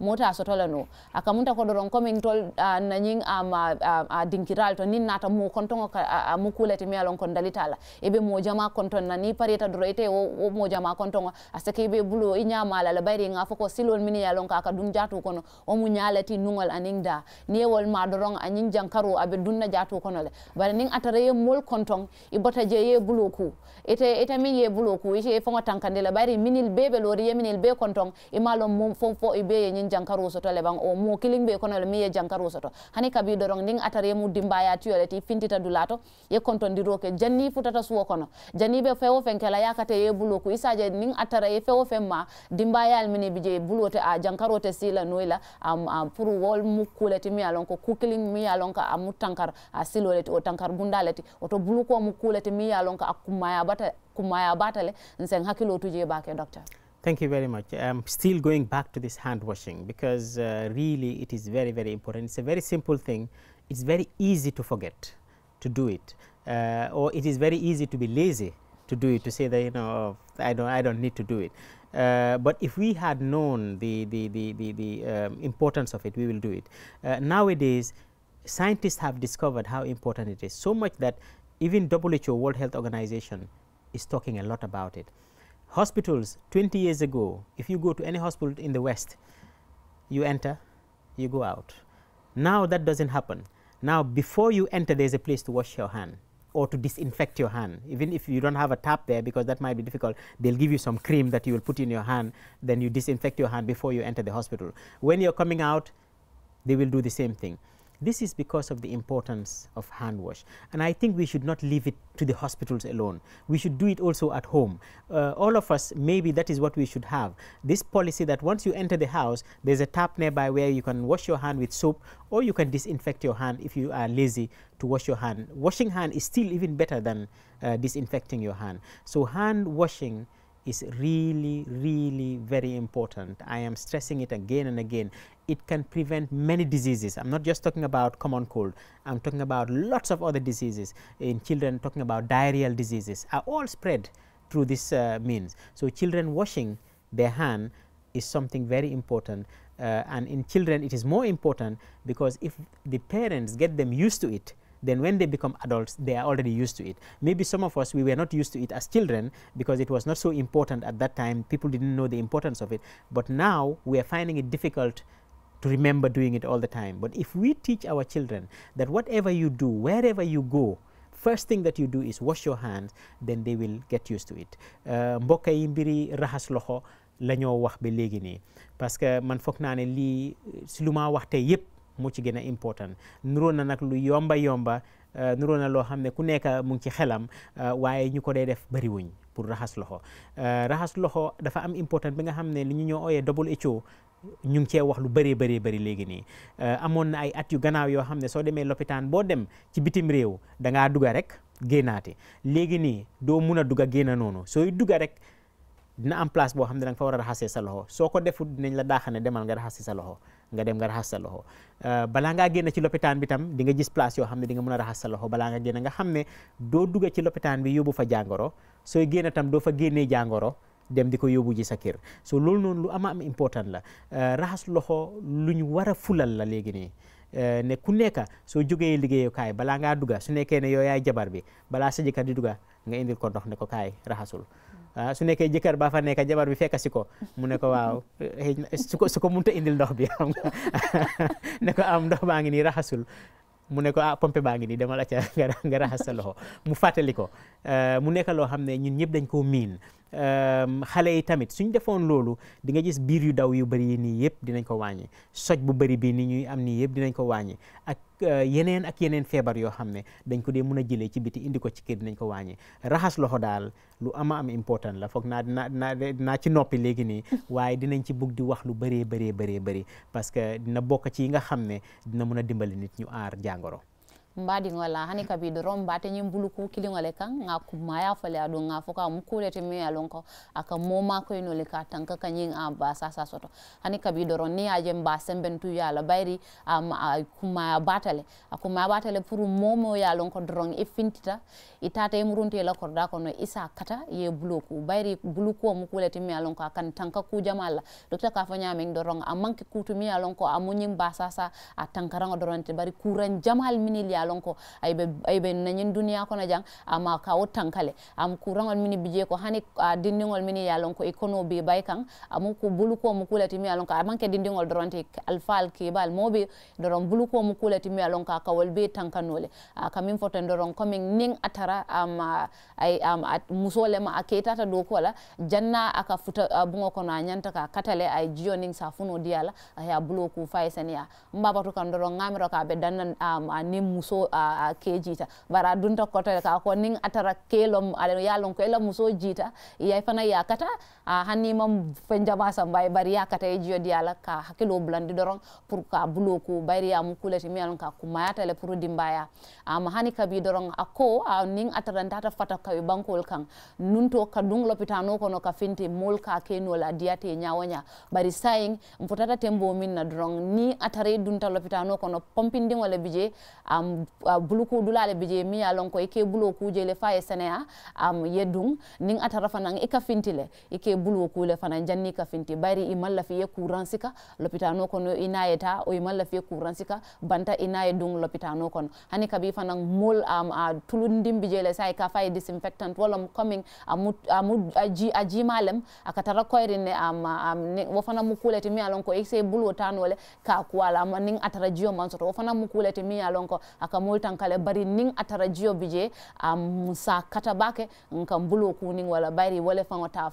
mota sotola no akamunta ko doron komin tol uh, ah, nanyin am um, uh, uh, ah, ah, dinkiral to nin nata mu konton ko uh, mu kulati mi alon kon dalitala be mo jama konton nani pareta do rete o, wo mo jama konton kontongo asake be bulo inya mala la bayri nga foko silol mini alon ka ka dun jatu kono o mu nyalati nungol aning da ne wol ma doron anyin jankaro abe na jatu kono le bar nin atare ye mol konton i bota je ye bulo ku ite ite min ye bulo ku ite fongo tankandela bayri minil bebe lori ye minil be konton kontong imalo mum fo fo ibe ye nyin jankaru soto le bang o mo killing be kono le mi ye soto hani kabi dorong ning atare mu dimbaya ti yole ti fintita dulato ye kontondiro ke janni futata suwo kono janni be fewo fen kala yakate ye bulo ku isaje ning atare ye fewo fen ma dimbayal mini bije bulote a jankarote sila noila am am pour wol mu kuleti mi alon ko kukiling mi alon ka amu tankar a siloleti o tankar bundaleti oto buluko mu kuleti mi alon ka akumaya bata kumaya batale nseng hakilo tuje bake docteur Thank you very much. I'm still going back to this hand washing because uh, really it is very, very important. It's a very simple thing. It's very easy to forget to do it uh, or it is very easy to be lazy to do it to say that you know oh, I don't I don't need to do it. Uh, but if we had known the the the the, the um, importance of it, we will do it. Uh, nowadays, scientists have discovered how important it is so much that even WHO World Health Organization is talking a lot about it hospitals 20 years ago, if you go to any hospital in the West, you enter, you go out. Now that doesn't happen. Now before you enter, there's a place to wash your hand or to disinfect your hand. Even if you don't have a tap there because that might be difficult, they'll give you some cream that you will put in your hand, then you disinfect your hand before you enter the hospital. When you're coming out, they will do the same thing. This is because of the importance of hand wash and I think we should not leave it to the hospitals alone. We should do it also at home. Uh, all of us maybe that is what we should have. This policy that once you enter the house there is a tap nearby where you can wash your hand with soap or you can disinfect your hand if you are lazy to wash your hand. Washing hand is still even better than uh, disinfecting your hand. So hand washing is really, really very important. I am stressing it again and again it can prevent many diseases. I'm not just talking about common cold. I'm talking about lots of other diseases in children. Talking about diarrheal diseases are all spread through this uh, means. So children washing their hand is something very important, uh, and in children it is more important because if the parents get them used to it, then when they become adults they are already used to it. Maybe some of us we were not used to it as children because it was not so important at that time people did not know the importance of it, but now we are finding it difficult to remember doing it all the time. But if we teach our children that whatever you do, wherever you go, first thing that you do is wash your hands, then they will get used to it. Uh, mbokk yi mbiri raxas loxo la ñoo wax ba léegi nii parce que man foog naa ne lii si lu ma wax tey yëpp moo ci gën a important nuroo na nag lu yomba yomba uh, nuroo na loo xam ne ku nekk mu ngi ci xelam uh, waaye ñu ko dee def bariwuñ pour raxas loxo raxas loxo dafa am important bi nga xam ne li ñu ñoo ooyee ñu ngi cee wax lu bëree bëree bëri léegi nii euh, amoon na ay at gannaaw yoo xam ne soo demee loppitaan boo dem ci bitim réew dangaa ngaa dugga rek génnaati léegi nii doo mun a dugga génna noonu sooy dugga rek dina am place boo xam ne da nga fa war a raxasee sa loxo soo ko defut dinañ la daaxane demal nga raxasee sa loxo nga dem nga sa loxo euh, balaa ngaa génn ci loppitaan bi tam di nga gis place yoo xam ne di nga mën a raxas sa loxo balaa nga génn nga xam ne doo dugga ci loppitaan bi yóbbu fa jàngoro sooy génn tam doo fa génnee jàngoro dem di ko yóbbu ji sa kër so loolu noonu lu ama am important la euh, raxas loxo lu ñu war a fulal la léegi nii euh, ne ku nekka soo jógee liggéeyukaay balaa ngaa dugga su nekkee ne yow yaay jabar bi balaa sa jëkkër di duga nga indil ko ndox ne ko kaay raxasul ah, su nekkee jëkkër ba fa nekk jabar bi fekk si ko mu ne ko waaw eh, su ko su ko mënut indil ndox bi xam nga ne ko am ah, ndox baa ngi nii raxasul mu ne ko ah pompe baa ngi nii demal acca nga raxas sa loxo mu fàttali ko euh, mu nekk loo xam ne ñun Ehm, xale yi tamit suñ defoon loolu di nga gis biir yu daw yu bëri yi nii yëpp dinañ ko wàññi soj bu bari bii ni ñuy am nii yëpp dinañ ko wàññi ak eh, yeneen ak yeneen feebar yoo xam ne dañ ko dee mun a jëlee ci biti indi ko ci kër dinañ ko wàññi raxas loxo daal lu ama am important la foog naa dinaa dinaa dinaa ci noppi léegi nii waaye dinañ ci bugg di wax lu bëree bëree bëree bëri parce que dina bokk ci yi nga xam ne dina mun a dimbali nit ñu aar jàngoro mbadiŋo la hani kabi doro mbate ñiŋ buluku kiliŋo le kaŋ kuma ye fole a duŋ ŋa fo ka muku le ti miŋ a loŋ ko a ka moma koyino le ka ka ñiŋ a sasa soto hani kabi doro niŋ ye mba sembentu ye a la bayiri a, a kumaya bata le a kumaya bata momo ye a loŋ ko fintita i tata i la korda kono i sa kata ye buluku bayiri bulukuwo muku le ti miŋ ye a tanka ku jama la ka fo ñaamiŋ doroŋ a manke kutu miŋ ba sasa a tankaraŋo doroŋ bari kuraŋ jamal minil yalon ko aybe aybe ayɓe dunya ko na jang ama ka wotan kale am courantol mini bije ko hani a ah, dindingol mini yalon ko e kono be am kan amu ko buluko mu kulati mi yalon ka am ke dindingol doronti alfal ke bal mobi ah, doron buluko mu kulati mi yalon ka ko a kawol be tankanole a kamin foten doron coming ning atara am ay ah, am at musole musolema a ketata dow la janna aka futa bungo ko na nyanta ka katale ay jiyo sa funo diala aya bulo ku fay saniya mbabatu kan doron ngamiro ka be dannan am a muso muso a, a ke jita bari a dunta kotere ka ko nin atara kelom ya lon ko ela muso jita ya fana ya kata a hanni hannima fe jama sambay bari kata e jodi ala ka hakilo blandi doron pour ka bulo ko bayri yamu kulati mi alon ka kumayatale pour dimbaya ma hani kabi doron a ko a nin atara ndata fata ka bankol kan nun to ka dun lopitano no ka finti mol ka ke kenol a diyate ñawoña bari saying mpotata tembo min na doron ni atare dunta lopitano pompindi wala bije am um, Ah, bulu ku dulale bije mi ya lon ko ike bulo ku jele fa sene ya am yedung ning atara fanan ika fintile ike bulo ku le janni ka finti bari i malla fi lopitano kono inayeta o i malla fi kuran sika banta inaye dung lopitano kono hani kabi fanan mol am a ah, tulundim bije le sai ka fa disinfectant wala coming amu amu mu kuleti mi ya lon ko ise wo fanan mu kuleti mi ya lon ko ka tan kala bari nin atarajio bije um, musa katabake nkam bulo nin wala bari wala fango ta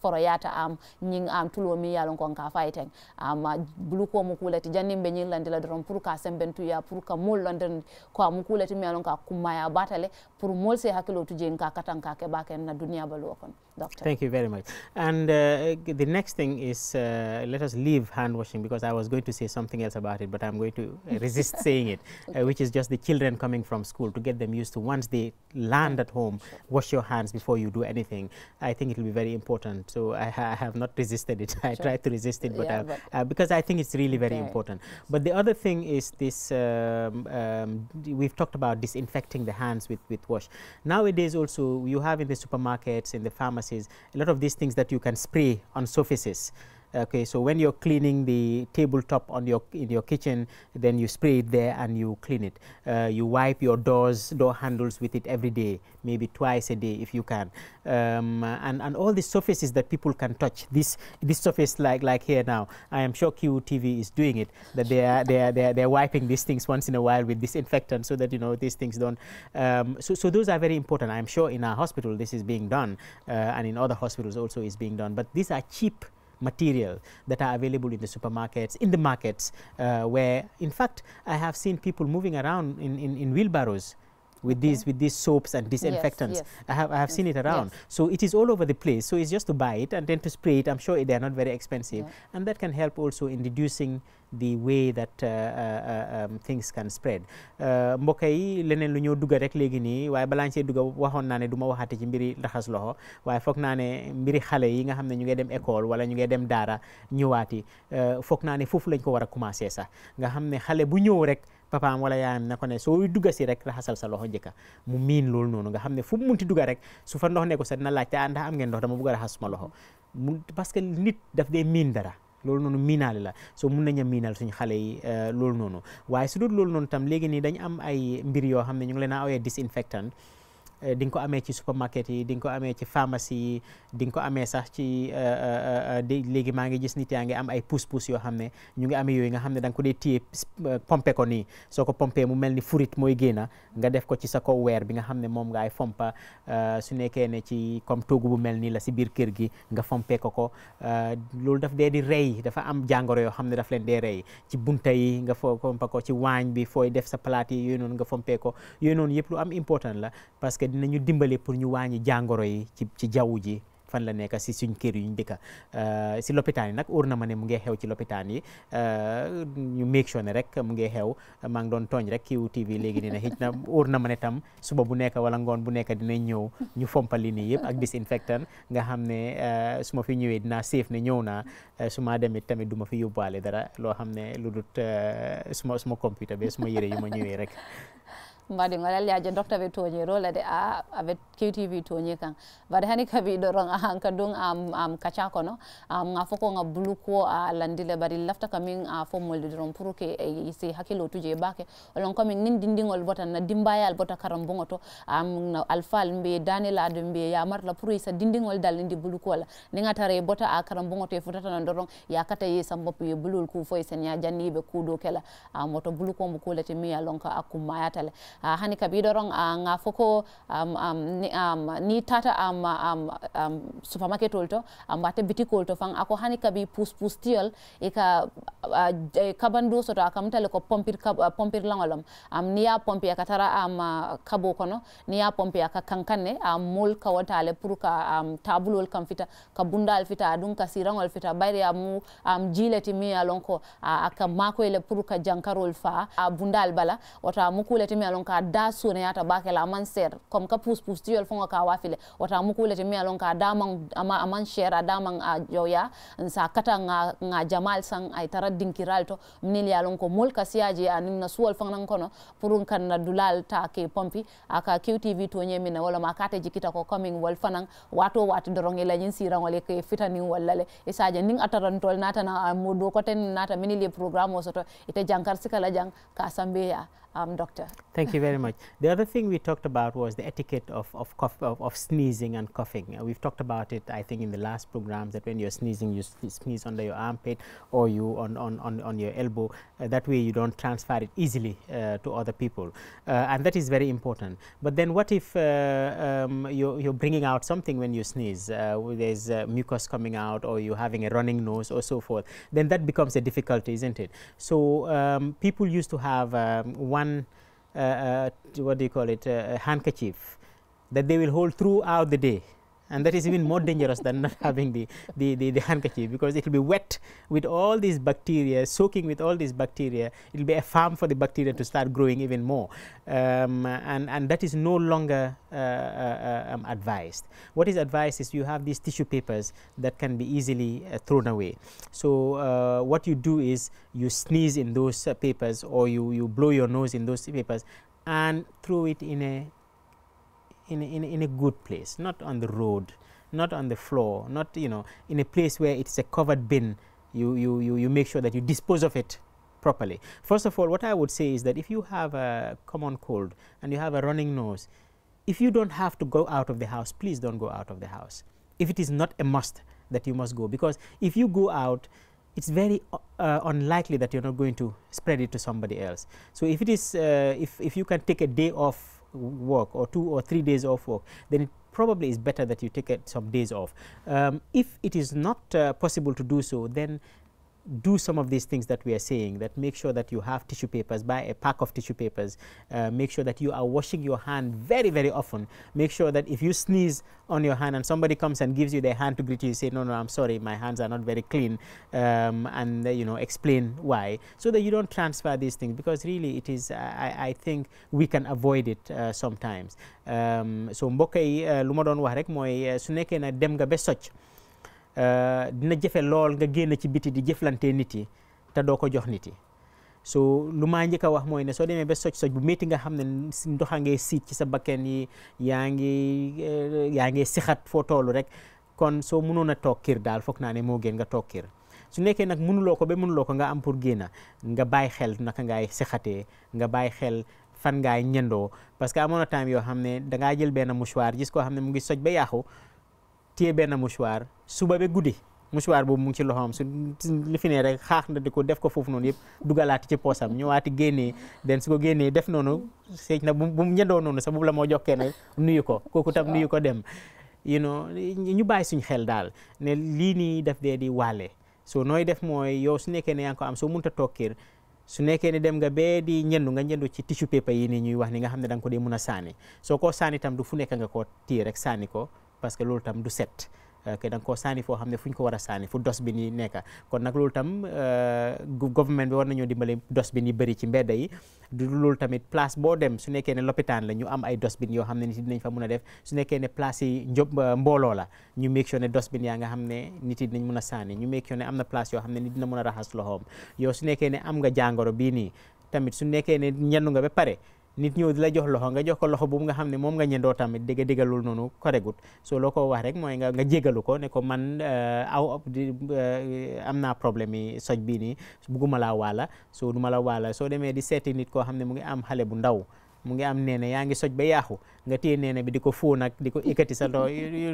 foroyata am um, nin am um, tulo mi yalon kon ka fayten am uh, bulu ko mu kulati jannim be nyin landila doron pour ka sembentu ya pour ka mol landen ko mu kulati mi yalon ka kumaya batale pour mol se hakelo tuje nka katan ka ke baken na duniya balu kon doctor. Thank you very much. And uh, the next thing is uh, let us leave hand washing because I was going to say something else about it, but I'm going to resist saying it, uh, okay. uh, which is just the children coming from school to get them used to once they land at home, wash your hands before you do anything. I think it will be very important. So I, ha I have not resisted it. I tried to resist it, but, yeah, but uh, because I think it's really very okay. important. But the other thing is this um, um, we've talked about disinfecting the hands with, with wash. Nowadays, also, you have in the supermarkets, in the pharmacies, gases, a lot of these things that you can spray on surfaces Okay, so when you're cleaning the tabletop on your in your kitchen, then you spray it there and you clean it. Uh, you wipe your doors, door handles with it every day, maybe twice a day if you can. Um, and and all the surfaces that people can touch. This this surface like like here now. I am sure QTV is doing it. That they are they are they are, they wiping these things once in a while with disinfectant so that you know these things don't. Um, so so those are very important. I am sure in our hospital this is being done, uh, and in other hospitals also is being done. But these are cheap material that are available in the supermarkets, in the markets, uh, where in fact I have seen people moving around in, in, in wheelbarrows with these with these soaps and disinfectants. Yes, yes. I have I have seen it around. Yes. So it is all over the place. So it's just to buy it and then to spray it. I'm sure they are not very expensive, and that can help also in reducing the way that uh, uh, uh, um, things can spread. mbokk yi leneen lu ñëw dugga rek léegi nii waaye balaa see dugga waxoon naa ne du ma waxaati ci mbiri raxas loxo waaye foog naa ne mbiri xale yi nga xam ne ñu ngi dem école wala ñu ngi dem daara ñëwaati foog naa ne foofu lañ ko war a commencé sax nga papaam wala yaayam ne ko ne soo dugga si rek raxasal sa loxo njëkka mu miin lool noonu nga xam ne fu mu munti dugga rek su fa ndox ne ko sa dina laajte ah am ngeen ndox dama bugg a raxas suma loxo mu que nit daf dee miin dara loolu noonu miinaale la soo mun nañu miinal suñu xale yi euh, loolu noonu waaye su dul loolu noonu tam léegi nii dañ am ay mbir yoo xam ne ñu ngi leen a awee disinfectant Eh, di nga ko amee ci supermarket yi di ko amee ci pharmacie yi di nga ko amee sax ci eh, eh, léegi maa ngi gis nit yaa ngi am ay pousse-pousse yoo xam ne ñu ngi amee yooyu nga xam ne danga ko dee téye pompeeko ko nii soo ko pompee mu mel ni furit mooy génna nga def ko ci sa kaw weer bi nga xam ne moom nga ay fompa su nekkee ne ci comme toogu bu mel nii la si biir kër gi nga fompe ko ko loolu daf dee di rey dafa am jàngoro yoo xam ne daf leen dee rey ci bunta yi nga fompa ko ci waañ bi fooy def sa palaat yi noonu nga fompe ko noonu yëpp lu am important la dinañu dimbale pour ñu wàññi jàngoro yi ci ci jaww ji fan la nekk si suñ kër yuñ dëkka euh, si lopitaan yi nag óor na ma ne mu ngi xew ci lopitaan yi euh, ñu make sure ne rek mu ngi xew maa ngi doon tooñ rek QTV léegi dina xëj na óor na ma ne tam suba bu nekk wala ngoon bu nekk dina ñëw ñu fompali nii yëpp ak disinfectant nga xam ne euh, su ma fi ñëwee dinaa safe ne ñëw naa su ma demit tamit duma fi yóbbaale dara loo xam ne lu dut suma suma computer bi suma yëre yu ma ñëwee rek madi ngalal yaje docteur ɓe toñi rola de a avec ktv toñi kan bade hani kabi wiɗo ron ahan ka don am am kaca kono am ga foko ga bulu ko a landile bari lafta kamin a fo molde ron pour que e, si hakkilo tuje bake olon komin nin dindingol bota na dimbayal bota karam bongo to am na alfal mbe danel ado mbe la pour isa dindingol dal ndi bulu kola ninga tare bota a karam bongo to e, futata na doron ya kata ye sambop ye bulul ku fo sen ya jannibe kudo kala am woto bulu ko mbo kolete mi ya lonka akummayatale uh, hani kabidorong uh, ah, nga foko um, um, ni, um, ni tata um, um, um, supermarket ulto um, bate bitik olto fang ako hani kabi pus pus tiol ika uh, ah, uh, kabandu soto akamta leko pompir kab, uh, pompir langolom um, niya pompi akatara um, uh, kabu kono niya pompi akakankanne um, mol kawatale pour ka um, tabulu kam fita kabunda alfita adunka adun alfita sirangol fita bayri amu um, jile timi alonko uh, aka makoyle pour ka jankarol fa uh, bunda albala wata mukuleti timi alonko ka da sunaya ta bake la aman ser kom ka pus pus tiol fonga ka wafile wata muku lete mi alon ka da man ama aman share da man a joya sa kata nga nga jamal sang ay tara dinkiral to minil yalon ko mol ka siaji anin na suol fonga nan kono purun kan na dulal ta ke pompi aka qtv to nyemi na wala ma kate jikita ko coming wal fanang wato wato dorong ila nyin sirang ngole ke fitani wallale isaje ning ataran tol nata na modo ko ten nata minili program o soto ite jankar sikala jang ka sambe ya um, doctor. Thank you very much. The other thing we talked about was the etiquette of of, cough, of, of sneezing and coughing. Uh, we've talked about it, I think, in the last program, that when you're sneezing, you sneeze under your armpit or you on on on, on your elbow. Uh, that way, you don't transfer it easily uh, to other people, uh, and that is very important. But then, what if uh, um, you're, you're bringing out something when you sneeze? Uh, there's mucus coming out, or you're having a running nose, or so forth. Then that becomes a difficulty, isn't it? So um, people used to have um, one one uh, uh, what do you call it uh, handkerchief that they will hold throughout the day and that is even more dangerous than not having the, the, the, the, handkerchief because it will be wet with all these bacteria soaking with all these bacteria it will be a farm for the bacteria to start growing even more um, and, and that is no longer uh, uh, um, advised. What is advised is you have these tissue papers that can be easily uh, thrown away. So, uh, what you do is you sneeze in those papers or you, you blow your nose in those papers and throw it in a in, in, in a good place, not on the road, not on the floor, not you know in a place where it's a covered bin. You, you, you, you make sure that you dispose of it properly. First of all, what I would say is that if you have a common cold and you have a running nose, if you don't have to go out of the house, please don't go out of the house. If it is not a must that you must go, because if you go out, it's very uh, unlikely that you're not going to spread it to somebody else. So if it is, uh, if, if you can take a day off work or two or three days off work, then it probably is better that you take some days off. Um, if it is not uh, possible to do so, then do some of these things that we are saying that make sure that you have tissue papers buy a pack of tissue papers uh, make sure that you are washing your hand very very often make sure that if you sneeze on your hand and somebody comes and gives you their hand to greet you, you say no no i'm sorry my hands are not very clean um, and uh, you know explain why so that you don't transfer these things because really it is i, I think we can avoid it uh, sometimes um, so mbokk uh, Lumadon lu ma doon wax rek uh, su na dem nga Euh, dina jafe lool nga génn ci biti di jëflante nit yi te doo ko jox nit yi so lu maa njëkk a wax mooy ne soo demee ba soj soj bu métti nga xam ne ndoxa ngee siit ci sa bakken yi yaa ngi euh, yaa ngi sixat foo toolu rek kon soo mënoon a toog kir daal foog naa ne moo génn nga toog su nekkee nag mënuloo ko ba mënuloo ko nga am pour génn nga bàyyi xel naka ngay sixatee nga bàyyi xel fan ngaay ñëndoo parce que amoon na temps yoo xam ne dangaa jël benn mouchoir gis koo xam ne mu ngi soj ba yaaxu téye benn mouchoir suba ba guddi mouchoir boobu mu ngi ci loxoom su li fi ne rek xaax na di ko def ko foofu noonu yëpp dugalaat ci poosam ñëwaati génnee den su ko génnee def noonu seeg na bu mu ñëndoo noonu sax la moo jokkee nag nuyu ko kooku tam nuyu ko dem you know ñu bàyyi suñ xel daal ne lii nii daf dee di wàlle soo nooy def mooy yow su nekkee ne yaa ngi ko am soo mënta toog kër su nekkee ne dem nga bee di ñendu nga ñendu ci tissue paper yi nii ñuy wax ni nga xam ne da nga ko dee mun a saani soo ko saani tam du fu nekk nga koo téye rek saani ko parce que loolu tam du set euh, que da nga koo foo xam ne fu ñu ko war a sànni fu dos bi nii nekka kon nag loolu tam euh, government bi war nañoo dimbale dos bi nii bëri ci mbedda yi lu loolu tamit place boo dem su nekkee ne lopitaan la ñu am ay dos bin yoo xam ne nit yi dinañ fa mun a def su nekkee ne place yi euh, la ñu make sure ne dos bin nga xam ne nit yi dinañ mun a sànni ñu make sure ne am na place yoo xam ne nit dina mun a raxas loxoom yow su nekkee ne am nga jàngoro bii nii tamit su nekkee ne ñenn nga ba pare nit ñëw la jox loxo nga jox ko loxo boobu nga xam ne moom nga ñëndoo tamit dégg déggalul noonu koregut soo loo ko wax rek mooy nga nga jégalu ko ne ko man eh, aw eh, am naa problème yi soj bii nii bugguma la waala soo duma la waala soo demee di seeti nit koo xam ne mu ngi am xale bu ndaw mu ngi am nee na yaa ngi soj ba yaaxu nga téye neene di ko fóon di ko ikkati sa doo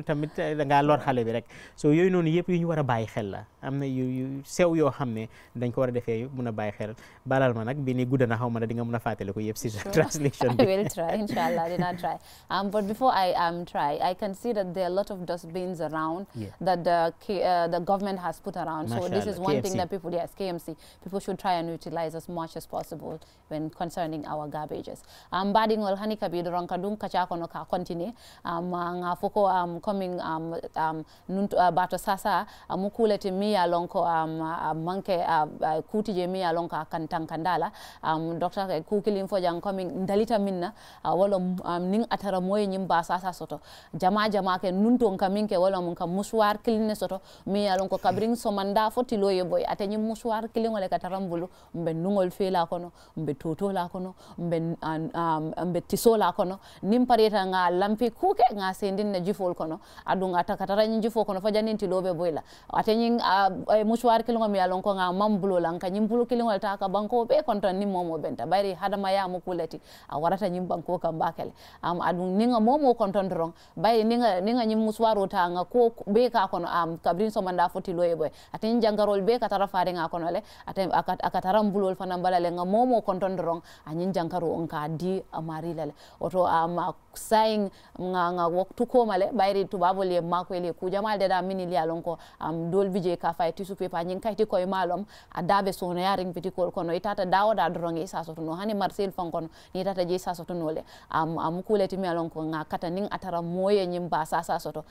tamit eh, da ngaa lor xale bi rek so yooyu noonu yëpp yu ñu war a bàyyi sew yoo xam ne dañ ko war a defee yu mun a balal ma nag bi ni gudda na xaw ma ne di nga mun a fàttali ko yëpp si translation bi I will try inshallah dina try um, but before I um, try can see that there are a lot of dustbins around that uh, the, government has put around so this is one thing that people should try and utilize as much as possible when concerning our garbages um, sira kono ka continue um, nga foko um, coming um, um, nun, uh, bato sasa uh, mu kulete mi ya lonko um, uh, manke uh, uh, mi ya kan tan kandala um, docteur uh, kukilin fo jang coming dalita minna uh, wala um, ning atara moy nyim ba sasa soto jama jama ke nun ton kamin ke wala mun ka muswar kiline soto mi ya ko kabring so manda fo loye boy ate nyim muswar kilin wala bulu mbe nungol fela kono mbe toto la kono mbe uh, um, mbe tisola kono nimpa pareta nga lampi kuke nga sendin na jifol kono adu nga takatara nyin jufo kono fajan nin tilobe boyla uh, nyin mushwar kilongo mi yalon ko nga mambulo lanka ka nyin bulu kilongo ta banko be konta ni momo benta bari hada maya mu kulati a warata nyin banko kan bakale am adu ninga momo konta ndron bari ninga ninga nyin mushwaro ta nga ko be ka kono am kabrin so manda foti loye boy atenyi jangarol be ka tara faare nga kono le ate akatara mbulol fanan balale nga momo konta ndron anyin jangaro on ka di amari lale oto am saying nga nga wok to ko male bayri to babole mako ele ku jamal de da mini li alonko am dol bije ka fay tisu pe pa nyin kayti koy malom adabe sono yaring biti kol kono itata dawo da drongi sa soto no hani marcel fankon ni tata je sa soto no le am am kuleti mi alonko nga kata ning atara moye nyim ba sa sa soto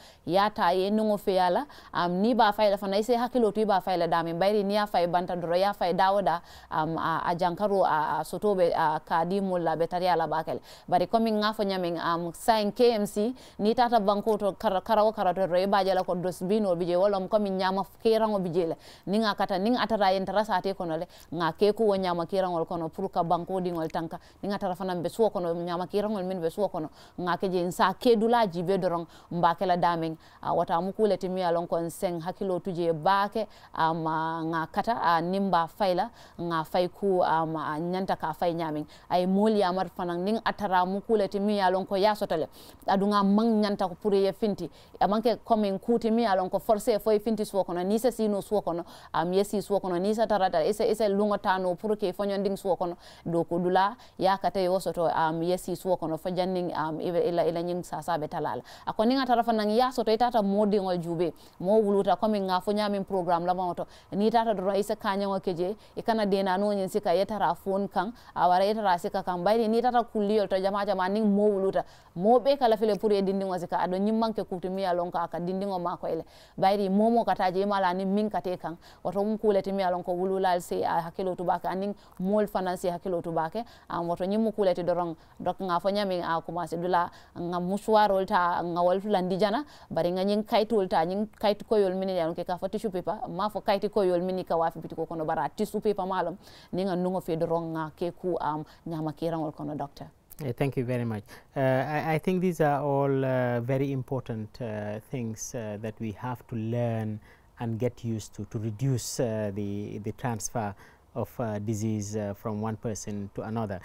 ta ye nungo fe yala am ni ba fay da fanay se hakilo to ba fay la dami bayri ni ya fay banta dro ya fay dawo da am a jankaro a sotobe a kadimul la betari ala bakel bari komi nga fo nyame saying um sain KMC ni tata banko to kar, karawo karato re baje la ko dosbino bije wolom komi min nyama kirango bije le ni nga kata ni atara interesa te kono le nga ke ko wo nyama kirango kono pour ka banko dingol tanka ni nga tara fanan be suwo kono nyama kirango min be suwo kono nga ke je sa ke dulaji be dorong mbake la daming uh, wata mukule timi alon ko seng hakilo tuje bake um, uh, nga kata uh, nimba faila nga fay ku um, uh, nyanta ka fay nyamin ay moli amar fanan ning atara mu mukule timi alon alon ko yasotale adunga man nyanta ko pure ye finti amanke en kuti mi alon ko forcé fo foye finti suwo kono ni se sino suwo kono am yesi suwo kono ni se tarata ise ise lugotano pour que foñondin suwo kono dow ko dula ɗula yakata yo soto am yesi suwo kono fo janning am ila ila sa sa ñing sasaɓe talala ako niga tara fanan yasoto e modi ngol jube mo wuluta comme nga fo ñamin programme la moto ni tata do doron ise e kañaŋo keje ikana e denanoñin sika yetara fon kan awara yetara sika kan bayri ni tata kulliyol to jama jama ning mo wuluta kuuta moɓe kala file pour e dindigo si ka aɗa ñimmanke kuutu miya lon ko aka dindigo mako koyle bayri momo mala ni min kate kan wato mum kuulete miya lon ko wululal si a ah, hakkilo tubake anin mool fanan si hakkilo am ah, wato woto ñimmo ti doron dok nga fo nyami a ah, commencé dula ga mouchoirol ta gawol landi jana bari ga ñin kaytol ta ñin kayti koyol mini yalon ke ka fo tissue paper ma fo kayti koyol mini ka wafi biti ko kono bara tissue paper malom ni ga nugo fe doron nga ke ku am nyama kiran wol kono doctor Uh, thank you very much. Uh, I, I, think these are all uh, very important uh, things uh, that we have to learn and get used to to reduce uh, the, the transfer of disease from one person to another.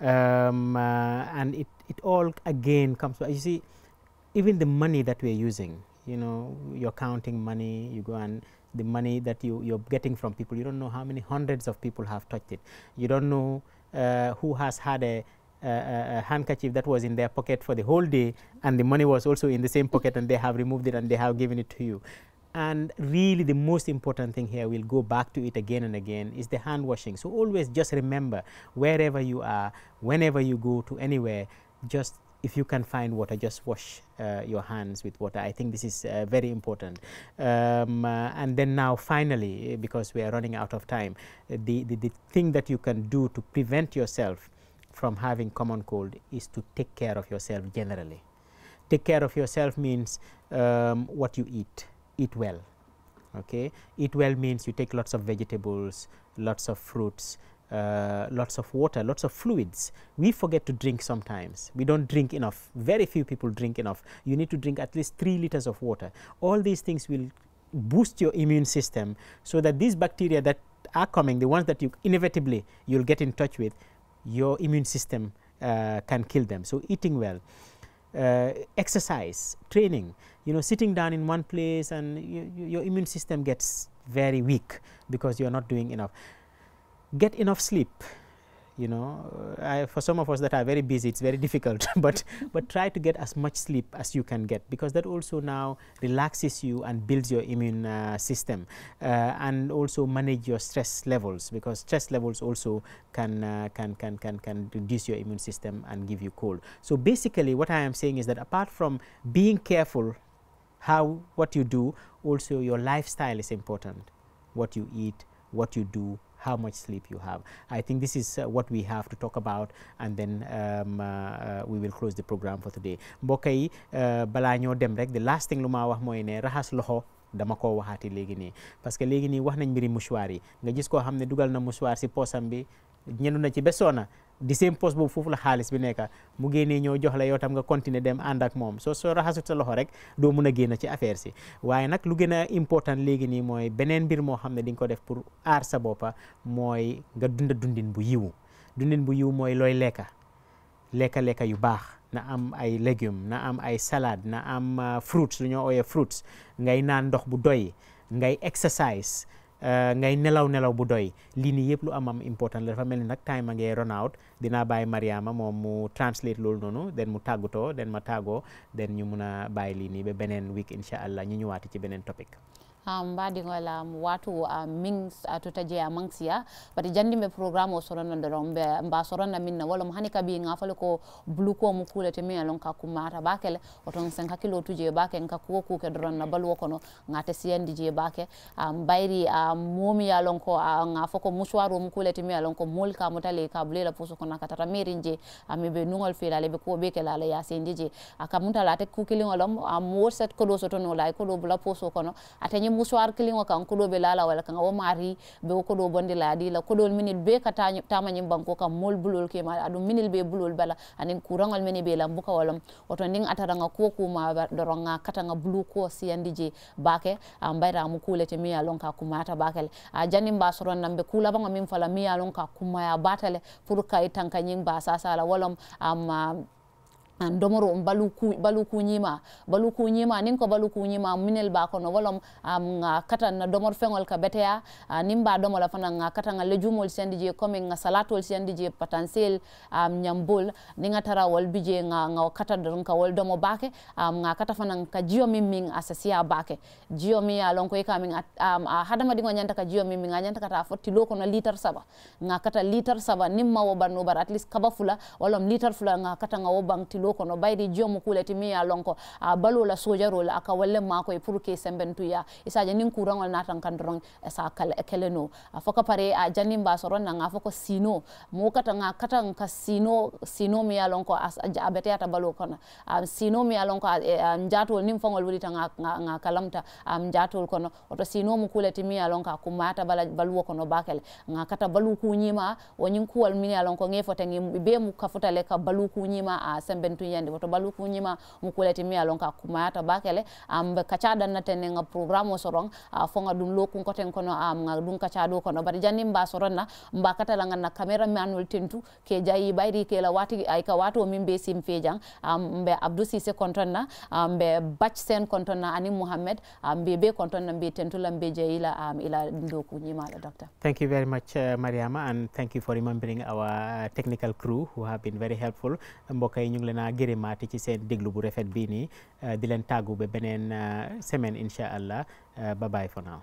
Um, and it, it all again comes, you see even the money that we are using, you know, you are counting money, you go and the money that you, you are getting from people, you do not know how many hundreds of people have touched it. You do not know who has had a handkerchief that was in their pocket for the whole day and the money was also in the same pocket and they have removed it and they have given it to you. And really the most important thing here, we'll go back to it again and again, is the hand washing. So always just remember wherever you are, whenever you go to anywhere, just if you can find water, just wash uh, your hands with water. I think this is uh, very important. Um, uh, and then now finally, eh, because we are running out of time, eh, the, the, the thing that you can do to prevent yourself from having common cold is to take care of yourself generally. Take care of yourself means um, what you eat, eat well. Okay. Eat well means you take lots of vegetables, lots of fruits, uh, lots of water, lots of fluids. We forget to drink sometimes. We don't drink enough. Very few people drink enough. You need to drink at least 3 liters of water. All these things will boost your immune system so that these bacteria that are coming, the ones that you inevitably you'll get in touch with, your immune system uh, can kill them. So, eating well, uh, exercise, training, you know sitting down in one place and you, you, your immune system gets very weak because you are not doing enough. Get enough sleep, you know I, for some of us that are very busy it's very difficult but but try to get as much sleep as you can get because that also now relaxes you and builds your immune uh, system uh, and also manage your stress levels because stress levels also can uh, can can can can reduce your immune system and give you cold so basically what i am saying is that apart from being careful how what you do also your lifestyle is important what you eat what you do how much sleep you have. I think this is uh, what we have to talk about and then um, uh, uh, we will close the program for today mbokk yi balaa ñoo dem rek the last thing lu ma wax mooy ne raxas loxo. dama koo waxaati léegi nii parce que léegi nii wax nañ mbiri mouchoir yi nga gis koo xam ne dugal na mouchoir si poosam ñendu na ci besoona di seen poste boobu foofu la xaalis bi nekka mu génnee ñoo jox la yow tam nga continuer dem ànd moom soo soo raxasut sa loxo rek doo mun a génn ci affaire si waaye nag lu gën a important léegi nii mooy beneen mbir moo xam ne di ko def pour aar sa boppa mooy nga dunda dundin bu yiw dundin bu yiw mooy looy lekka lekka-lekka yu baax na am ay légumes na am ay salade na am euh, fruits lu ñoo ooyee fruits ngay naan ndox bu doy ngay exercise Eh, ngay nelaw nelaw bu doy lii nii yëpp lu am am important la dafa mel ni nag time a ngee run out dinaa bàyyi Mariama moom mu translate loolu noonu den mu tàggatoo den ma tàggoo den ñu mun a bàyyi lii nii ba beneen week incha allah ñu ñëwaati ci beneen topic. um, mbaɗigol um, watu uh, mings uh, tota jeeya manksiya bati jandimɓe programme o soronna ndoro mbe mba soronna minna na walla mo hani kabi gafale ko blue ko mo kuulete min alon ka kummata bakele oton sen kilo tuje bake en ka kuwo kuuke doron na baluwo kono gate siendi je bake um, bayri uh, uh, um, momi alon ko uh, gafo ko mouchoir o mo kuulete min alon ko mol ka motale ka bulela puso kono katata merin je ami um, ɓe nugol filale ɓe kuwo ɓe kelala yasendi je akamuntala ate kukiligolom um, worset koɗo sotonola e koɗo bula puso kono atañi mouchoir kiliŋo kaŋ koɗo ɓe lala wala kaŋa wo maari ɓe bondi laadi la koɗol minil be ka tamañin banko kam mool bulol kema aɗum minil be bulol bala anin kuraŋol mini ɓe lambuka wolom oto ndin ataraŋa kuwo kuma doroŋa kataŋa bulu kuwo siyandi je bake a mbayra mu kulete mi ye lon kumata bakele a janin ba soron nan ɓe kulabaŋo min fala mi ye ka kumaya batale pour ka i tankañin ba sasala wolom ama um, han ah, domoro um baluku baluku nyima baluku nyima nin ko baluku nyima minel ba ko no wolom am ah, um, katan na domor fengol ka betea uh, nimba domola fana nga katan nga lejumol sendi je comme nga salatol sendi je patansel am um, nyambol ninga tara wol bije nga nga kata don ka wol domo bake am um, nga kata fana ka jio miming asasiya bake jio mi ya lon ko e kamin um, am hadama dingo nyanta ka jio miming nyanta kata fotti loko na liter saba nga kata liter saba nimma wo banno bar at least kaba fula wolom liter fula nga kata nga wo bang tilo do no bayri jomu kuleti mi lonko a balo la sojaro la aka walle mako e pour ke sembentu ya isaje nin kurangol natan kan doron sa kala keleno a foka pare a janin ba soron nan a foko sino mo kata nga kata ka sino sino mi ya lonko as abete ata balo kono a sino mi ya lonko e, a njatol nin wuri wulita nga nga kalamta am njato njatol kono oto sino mu kuleti mi ya lonko kumata bala ko no bakel nga kata balu kunyima wonyin kuwal mi ya lonko ngefo tangi be mu kafuta le ka balu kunyima a semben ten tuñandi woto balu ku ñima mu kuleti mi alon ka kumayata bakele am um, kacha dan na ten nga programme sorong uh, fonga dum lo kun koten kono am nga dum kacha do kono bari janim ba soron na mba kata la na camera mi anul tentu ke jayi bayri ke la wati ay ka wato min be sim fejang am be abdou sise konton na am be batch sen konton na ani mohammed am be be konton na be tentu la be jayi la am ila do ku ñima la docteur thank you very much uh, mariama and thank you for remembering our uh, technical crew who have been very helpful mbokay ñu ngi leen naa gërëmaati ci seen déglu bu rafet bii nii di leen tàggu ba beneen euh, semaine incha allah euh, bye bye for now